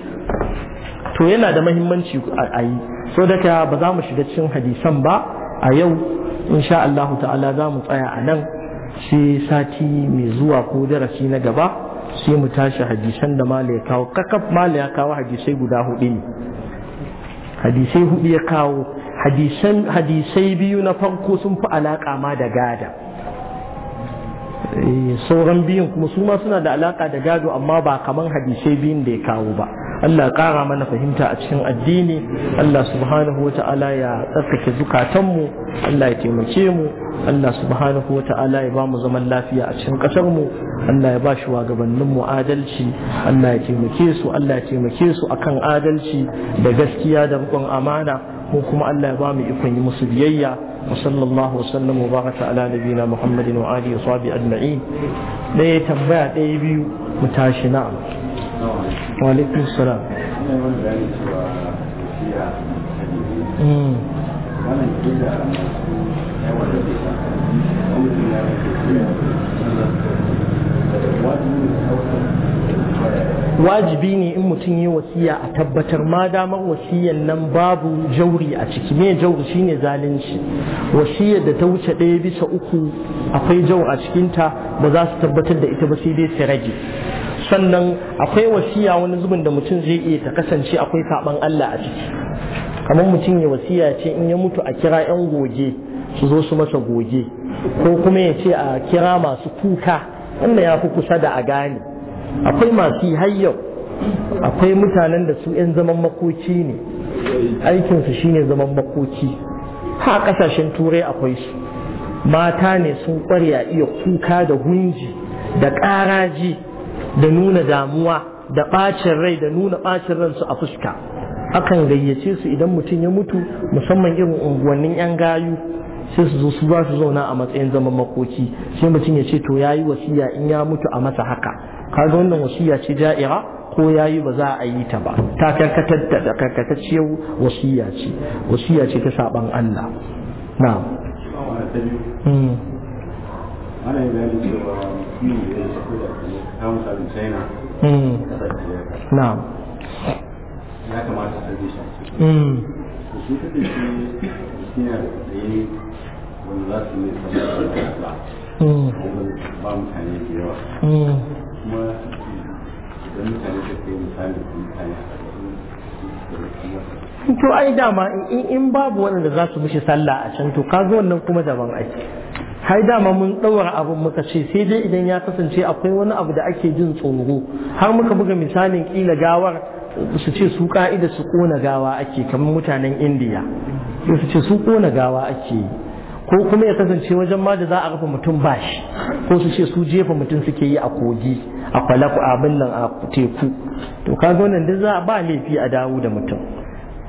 to yana da mahimmanci a yi so da ka ba za mu shiga cikin hadisan ba a yau insha Allah ta'ala za mu tsaya a nan sai sati mai zuwa ko darasi na gaba sai mu tashi hadisan da mala ya kawo kakaf mala ya kawo hadisai guda hudu ne hadisai hudu ya kawo hadisan hadisai biyu na farko sun fi alaka ma da gada eh, sauran biyun kuma su ma suna da alaka da gado amma ba kaman hadisai biyun da ya kawo ba Allah ƙara mana fahimta a cikin addini Allah subhanahu wa ta'ala ya tsarkake zukatanmu Allah ya taimake mu Allah subhanahu wa ta'ala ya ba mu zaman lafiya a cikin ƙasar mu Allah ya ba shi gabanin mu adalci Allah ya taimake su Allah ya taimake su akan adalci da gaskiya da riƙon amana ko kuma Allah ya ba mu ikon yi musu biyayya وصلى الله وسلم وبارك على نبينا محمد وآله وصحبه أجمعين. ليه تنبأ ليه بيو متاشي wa alaikun hmm. wajibi ne in mutum yi wasiya a tabbatar ma damar wasiyan nan babu jauri a ciki me jauri shine zalunci wasiyar da ta wuce ɗaya bisa uku akwai jau a cikinta ba za su tabbatar da ita ba sai dai su rage sannan akwai wasiya wani zubin da mutum zai iya ta kasance akwai saban Allah a ciki kamar mutum ya wasiya ce in ya mutu a kira yan goge su zo su masa goge ko kuma ya ce a kira masu kuka wanda ya fi kusa da a gane akwai masu hayyau akwai mutanen da su 'yan zaman makoki ne aikinsu shine zaman makoki ha kasashen turai akwai su mata ne sun kware a iya kuka da gunji da ƙaraji da nuna damuwa da ɓacin rai da nuna ɓacin ransu a fuska akan gayyace su idan mutum ya mutu musamman irin unguwannin 'yan gayu sai su zo su za su zauna a matsayin zaman makoki sai mutum ya ce to ya yi wasiya in ya mutu a masa haka kaga wannan wasiya ce ja'ira ko yayi ba za a yi ta ba ta karkatar da karkatacciyar wasiya ce wasiya ce ta saban Allah na'am hmm. ana yi da cewa Hmm. na'am ya kamata a hmm. ne da yi wani za su hmm. ba mutane da yawa kuma mutane ke misali mutane to ai dama in babu wanda za su mishi sallah a can to ka zo wannan kuma daban ake hai dama mun ɗaura abin muka ce sai dai idan ya kasance akwai wani abu da ake jin tsoro har muka buga misalin kila gawar su ce su ka'ida su ƙona gawa ake kamar mutanen indiya su ce su ƙona gawa ake ko kuma ya kasance wajen ma da za a rufe mutum ba shi ko su ce su jefa mutum suke yi a kogi a kwalaku abin nan a teku to ka zo nan duk za a ba laifi a dawo da mutum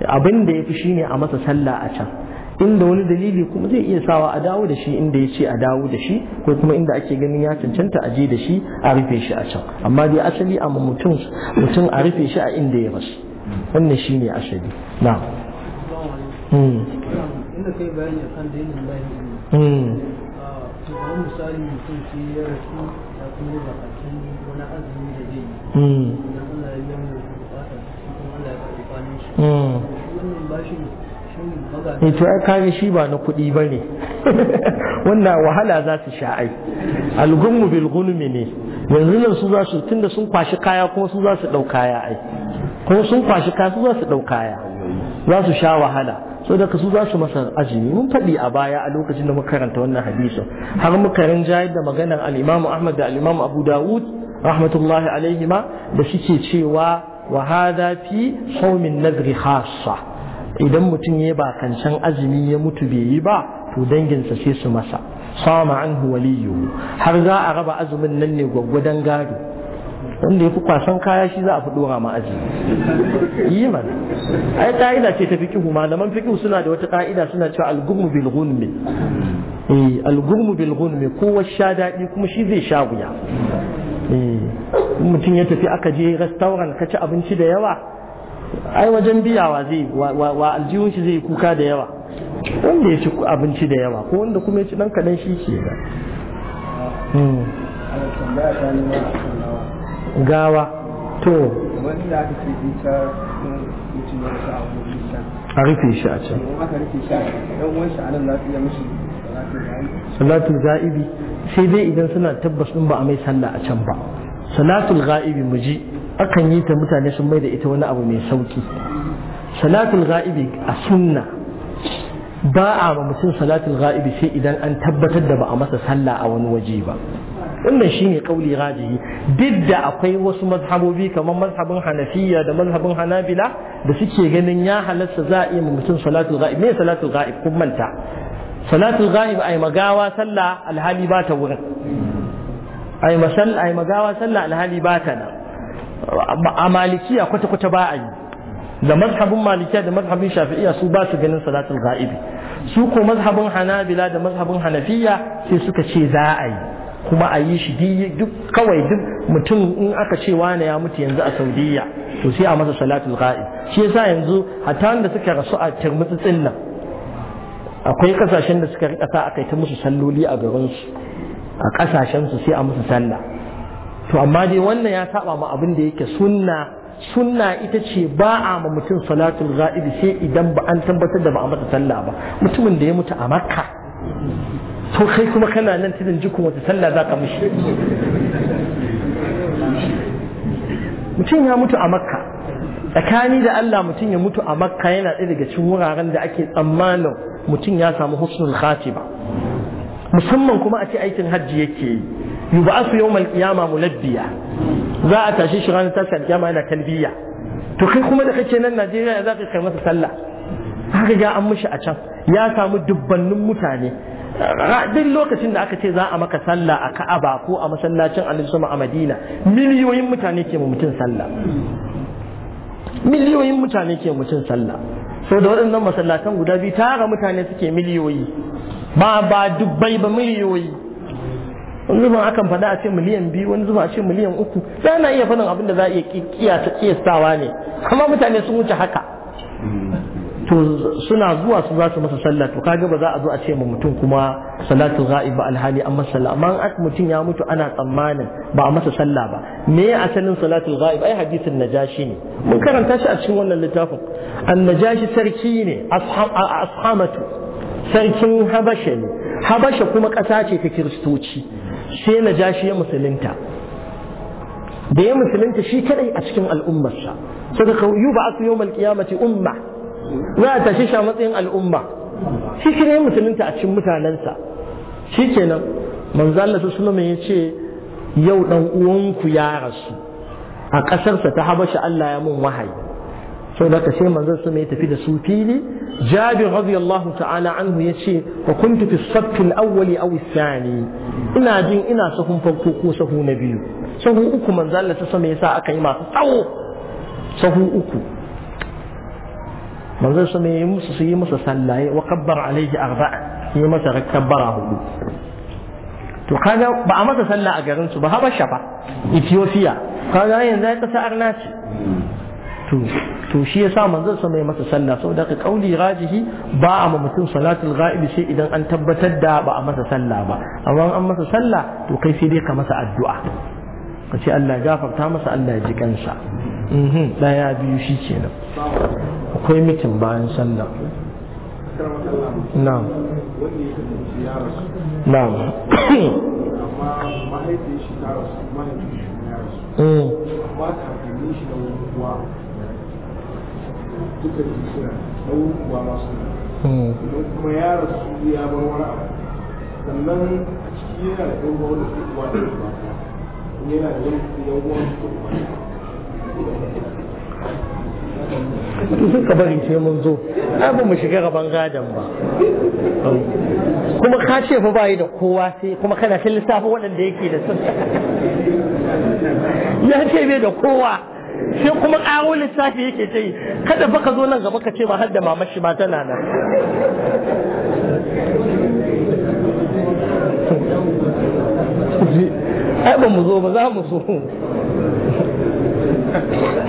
abin da ya fi shine a masa sallah a can inda wani dalili kuma zai iya sawa a dawo da shi inda ya ce a dawo da shi ko kuma inda ake ganin ya cancanta a je da shi a rufe shi a can amma dai asali a mutum mutum a rufe shi a inda ya basu wannan shi ne asali na hmm. hmm. ah, misali ne eh, to ai kare shi ba na kuɗi ba ne wannan wahala za su sha ai algunmu bil gunmi ne yanzu nan su za su tunda sun kwashi kaya kuma su za su ɗau kaya ai kuma sun kwashi kaya su za su ɗau kaya za su sha wahala so da su za su masa azumi mun faɗi a baya a lokacin da muka karanta wannan hadisin har muka rinjayar da maganar al-Imam Ahmad da al-Imam Abu Dawud rahmatullahi alaihima da suke cewa wa hadha fi sawmin nadri khassa idan mutum ya ba kancan azumi ya mutu bai yi ba to danginsa sai su masa sama an waliyu har za a raba azumin nan ne gwaggwadon gado wanda ya fi kwasan kaya shi za a fi dora ma azumi yi mana ai ka'ida ce ta da malaman fiki suna da wata ka'ida suna cewa al bil ghunmi eh al bil ghunmi kowa sha daɗi kuma shi zai sha wuya eh, mutum ya tafi aka je restaurant ka ci abinci da yawa ai wajen wa zai wa aljihun shi zai kuka da yawa wanda ya ci abinci da yawa ko wanda kuma ya ci dan kadan shi ke da hmm. gawa to a rufe shi a can salatul ga'ibi sai dai idan suna tabbas din ba a mai sallah a can ba salatul ga'ibi mu ji akan yi ta mutane sun mai da ita wani abu mai sauki salatul ga'ibi a sunna ba a ma mutum salatul ga'ibi sai idan an tabbatar da ba a masa sallah a wani waje ba wannan shine kauli rajihi duk da akwai wasu mazhabobi kamar mazhabin hanafiya da mazhabin hanabila da suke ganin ya halarta za a iya ma mutum salatul ga'ib me salatul ga'ib kun manta salatul ga'ib ay magawa sallah alhali ba ta wurin ay masal ay magawa sallah alhali ba ta nan a malikiya kwata-kwata ba a yi da mazhabin malikiya da mazhabin shafi'iya su ba su ganin salatul ga'ibi su ko mazhabin hanabila da mazhabin hanafiya sai suka ce za a yi kuma a yi shi duk kawai duk mutum in aka ce wane ya mutu yanzu a saudiya to sai a masa salatul ghaib shi yasa yanzu hatta wanda suka rasu a tirmitsitsin nan akwai kasashen da suka rika sa aka yi ta musu salloli a garinsu a kasashen su sai a musu sallah to amma dai wannan ya saba ma abin da yake sunna sunna ita ce ba a ma mutum salatul ga'ibi sai idan ba an tabbatar da ba a mata sallah ba mutumin da ya mutu a makka to kai kuma kana nan tunan jikun wata sallah za ka mishi mutum ya mutu a makka tsakani da Allah mutum ya mutu a makka yana ɗaya daga cikin wuraren da ake tsammanin mutum ya samu husnul khatiba musamman kuma a ce aikin hajji yake yi yub'asu yawmal mu mulabbiya za a tashi shi ranar tashin kiyama yana talbiya to kai kuma da kake nan Najeriya za ka kai masa sallah haka ga an mushi a can ya samu dubbannin mutane duk lokacin da aka ce za a maka sallah a Ka'aba ko a masallacin alisu a Madina miliyoyin mutane ke mutum sallah miliyoyin mutane ke mutum sallah sau da waɗannan masallatan guda biyu tara mutane suke miliyoyi ba ba dubbai ba miliyoyi wani zuban akan faɗa a ce miliyan biyu wani zuban a ce miliyan uku sai ana iya faɗin abin da za a iya kiyata kiyastawa ne amma mutane sun wuce haka to suna zuwa su za su masa sallah to kaga ba za a zo a ce ma mutum kuma salatu ghaiba alhali an masa sallah amma an mutum ya mutu ana tsammanin ba a masa sallah ba me ya asalin salatu ghaib ai hadisin najashi ne mun karanta shi a cikin wannan littafin an najashi sarki ne ashamatu sarkin habasha ne habasha kuma ƙasa ce ta kiristoci sai na ja shi ya musulunta da ya musulunta shi kadai a cikin al'ummarsa suka kawo yu ba su qiyamati umma za a tashi shi a matsayin al'umma shi kadai ya musulunta a cikin mutanensa shikenan manzo Allah sallallahu ya ce yau dan uwanku ya rasu a ƙasarsa ta habasha Allah ya mun wahayi sau da sai manzon su mai tafi da su fili jabir radiyallahu ta'ala anhu ya ce wa kuntu fi saffin awwali aw thani ina jin ina sahun farko ko sahu na biyu sahu uku manzon Allah ta sama yasa aka yi masu tsawo sahu uku manzon su mai musu su yi masa sallah wa kabbar alaihi arba'a yi masa kabbara hudu to kaga ba a masa sallah a garin su ba habasha ba Ethiopia kaga yanzu ya kasa arna ce to shi yasa manzon sa mai masa sallah saboda ka kauli rajihi ba a ma mutum salatul ghaib sai idan an tabbatar da ba a masa sallah ba amma an masa sallah to kai sai dai ka masa addu'a ka ce Allah gafarta masa Allah ya ji kansa mhm daya biyu shi akwai mitin bayan sallah na'am na'am amma mahaifin shi ta rasu mahaifin shi ya rasu mm. shi da wani duka abubuwa masu hmm. kuma ya rasu ya bar wani abu sannan a ciki yana da ɗan da su da ba yana da yan da ka bari mun zo ai ba mu shiga gaban gadon ba kuma ka ce fa bayi da kowa sai kuma kana ta lissafi waɗanda yake da sun ya ce bai da kowa sai kuma ƙaro lissafi yake ta yi kada baka zo nan gaba ka ce ma har da mama shi ma tana nan ai ba mu zo ba za mu zo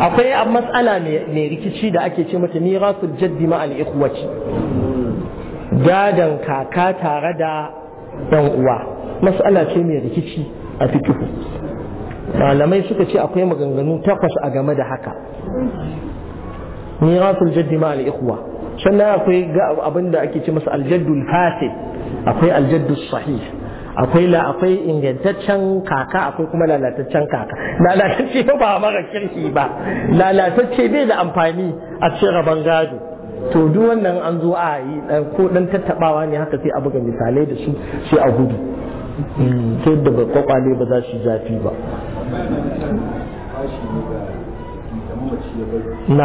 akwai a matsala mai rikici da ake ce mata mirasul jaddi ma al'ikwaci gadon kaka tare da yan uwa matsala ce mai rikici a fikihu malamai suka ce akwai maganganu takwas a game da haka mirasul jaddi ma al-ikhwa sannan akwai abin da ake ce masa aljaddul fasid akwai aljaddul sahih akwai la akwai ingantaccen kaka akwai kuma lalataccen kaka lalatacce ba mara kirki ba lalatacce bai da amfani a cikin rabon gado to duk wannan an zo a yi ko dan tattabawa ne haka sai a buga misalai da su sai a gudu hmm, ta yadda ba kwakwale ba za su zafi ba Hmm.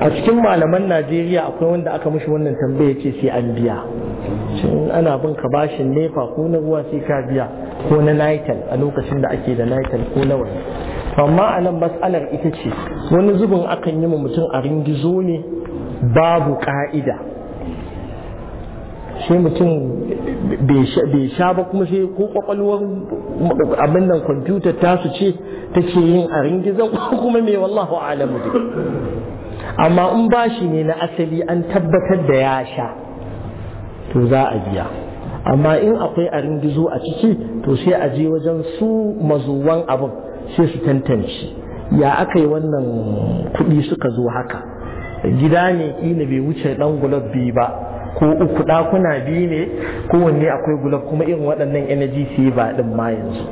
a cikin malaman najeriya akwai wanda aka mushi wannan tambaya ce sai an biya shin ana bin ka bashin nefa ko na ruwa sai ka biya ko na nitel a lokacin da ake da nital ko na wani amma a nan matsalar ita ce wani zubin akan yi mutum a ringizo ne babu ka'ida shi mutum bai sha ba kuma sai ko kwakwalwar abin nan kwamfuta tasu ce ta take yin a ringizan kuma mai wallahu alamu amma in bashi ne na asali an tabbatar da ya sha to za a biya amma in akwai a ringizo a ciki to sai a je wajen su mazuwan abin sai su tantance ya aka yi wannan kuɗi suka zo haka gida ne ƙila bai wuce ɗan gulab biyu ba ko uku ɗakuna biyu ne kowanne akwai gulab kuma irin waɗannan energy saver ɗin ma yanzu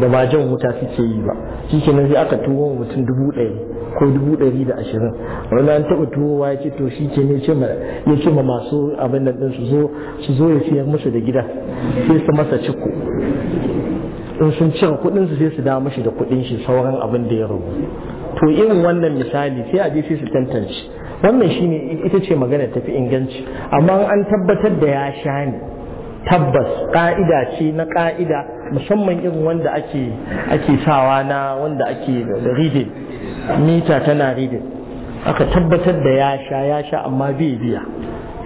da ba jan wuta suke yi ba shi kenan sai aka tuwo mutum dubu ɗaya ko dubu ɗari da ashirin wani an taɓa tuwowa ya ce to shi ke ne ya ce ma masu abin nan ɗin su zo ya siyar musu da gida sai su masa ciko in sun cire kuɗin su sai su da mashi da kuɗin shi sauran abin da ya rubu to irin wannan misali sai a je sai su tantance wannan shine ita ce magana tafi inganci amma an tabbatar da ya sha ne tabbas ƙa'ida ce na ƙa'ida musamman irin wanda ake ake sawa na wanda ake reading mita tana reading aka tabbatar da ya sha ya sha amma bai biya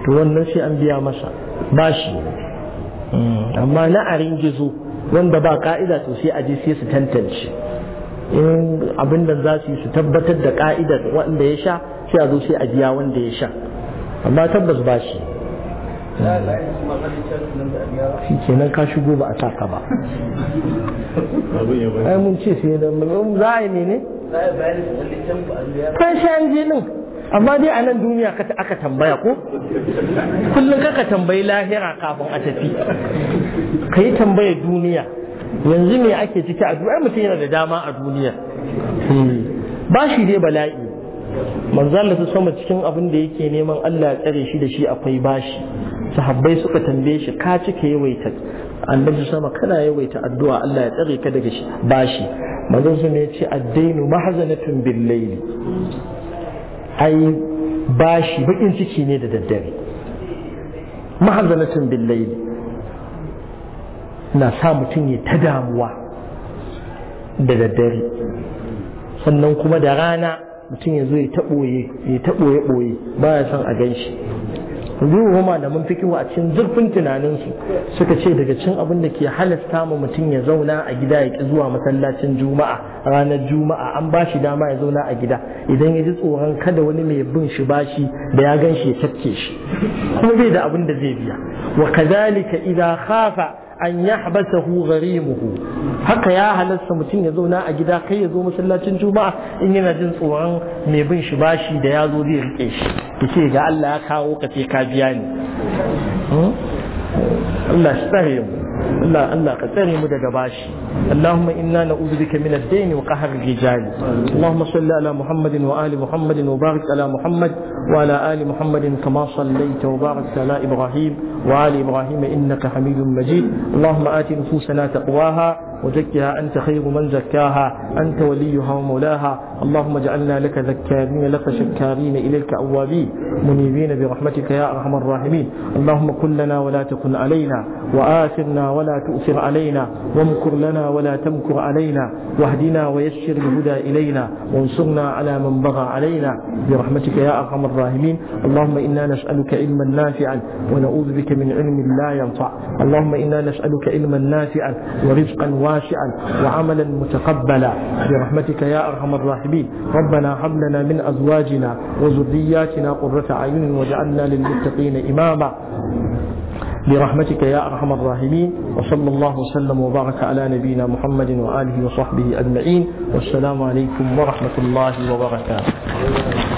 to wannan sai an biya masa bashi hmm. amma na arin gizo wanda ba ka'ida to sai a je sai su tantance in abin da za su yi su tabbatar da ka'idar wanda ya sha sai a zo sai a biya wanda ya sha amma tabbas ba shi shi ke nan ka shigo ba a taka ba ai mun ce sai da mun za a yi ne ne kan shan jinin amma dai a nan duniya ka aka tambaya ko kullum ka tambayi lahira kafin a tafi ka yi tambaya duniya yanzu me ake ciki a duniya mutum yana da dama a duniya hmm. ba shi dai bala'i manzan da su sama cikin abin da yake neman Allah ya tsare shi da shi akwai bashi sahabbai suka tambaye shi ka cika yawaita annabi sama kana yawaita addu'a Allah ya tsare ka daga shi. bashi manzon su ne ce addainu mahzanatun bil ai bashi bakin ciki ne da daddare mahazanatun billahi na sa mutum ya ta damuwa da daddare sannan kuma da rana mutum ya zo ya taɓoye ya taɓoye ɓoye ba ya son a gan shi zuwa malaman fikihu a cikin zurfin tunaninsu suka ce daga cin abin da ke halasta mu mutum ya zauna a gida ya ƙi zuwa masallacin juma'a ranar juma'a an ba shi dama ya zauna a gida idan ya ji tsoron kada wani mai bin shi bashi da ya gan ya tafke shi kuma bai da abin da zai biya wa kazalika idza khafa an yahbasahu gharimuhu haka ya halarta mutum ya zauna a gida kai ya zo masallacin juma'a in yana jin tsoron mai bin shi bashi da ya zo zai rike shi yace ga Allah ya kawo ka sai ka biya ni hmm? Allah shi tsare mu Allah Allah ka tsare mu daga bashi Allahumma inna na'udhu bika min ad-dayn wa qahr ar-rijal Allahumma salli ala Muhammadin wa ali Muhammadin wa barik ala Muhammad wa ala ali Muhammadin kama sallaita wa barakta ala Ibrahim wa ali Ibrahim innaka Hamidum Majid Allahumma ati nufusana taqwaha وزكها أنت خير من زكاها أنت وليها ومولاها اللهم اجعلنا لك ذكارين لك شكارين إليك أوابين منيبين برحمتك يا أرحم الراحمين اللهم كن لنا ولا تكن علينا وآثرنا ولا تؤثر علينا وامكر لنا ولا تمكر علينا واهدنا ويسر الهدى إلينا وانصرنا على من بغى علينا برحمتك يا أرحم الراحمين اللهم إنا نسألك علما نافعا ونعوذ بك من علم لا ينفع اللهم إنا نسألك علما نافعا ورزقا واسعا وعملا متقبلا برحمتك يا أرحم الراحمين ربنا هب لنا من أزواجنا وذرياتنا قرة أعين واجعلنا للمتقين إماما برحمتك يا أرحم الراحمين وصلى الله وسلم وبارك على نبينا محمد وآله وصحبه أجمعين والسلام عليكم ورحمة الله وبركاته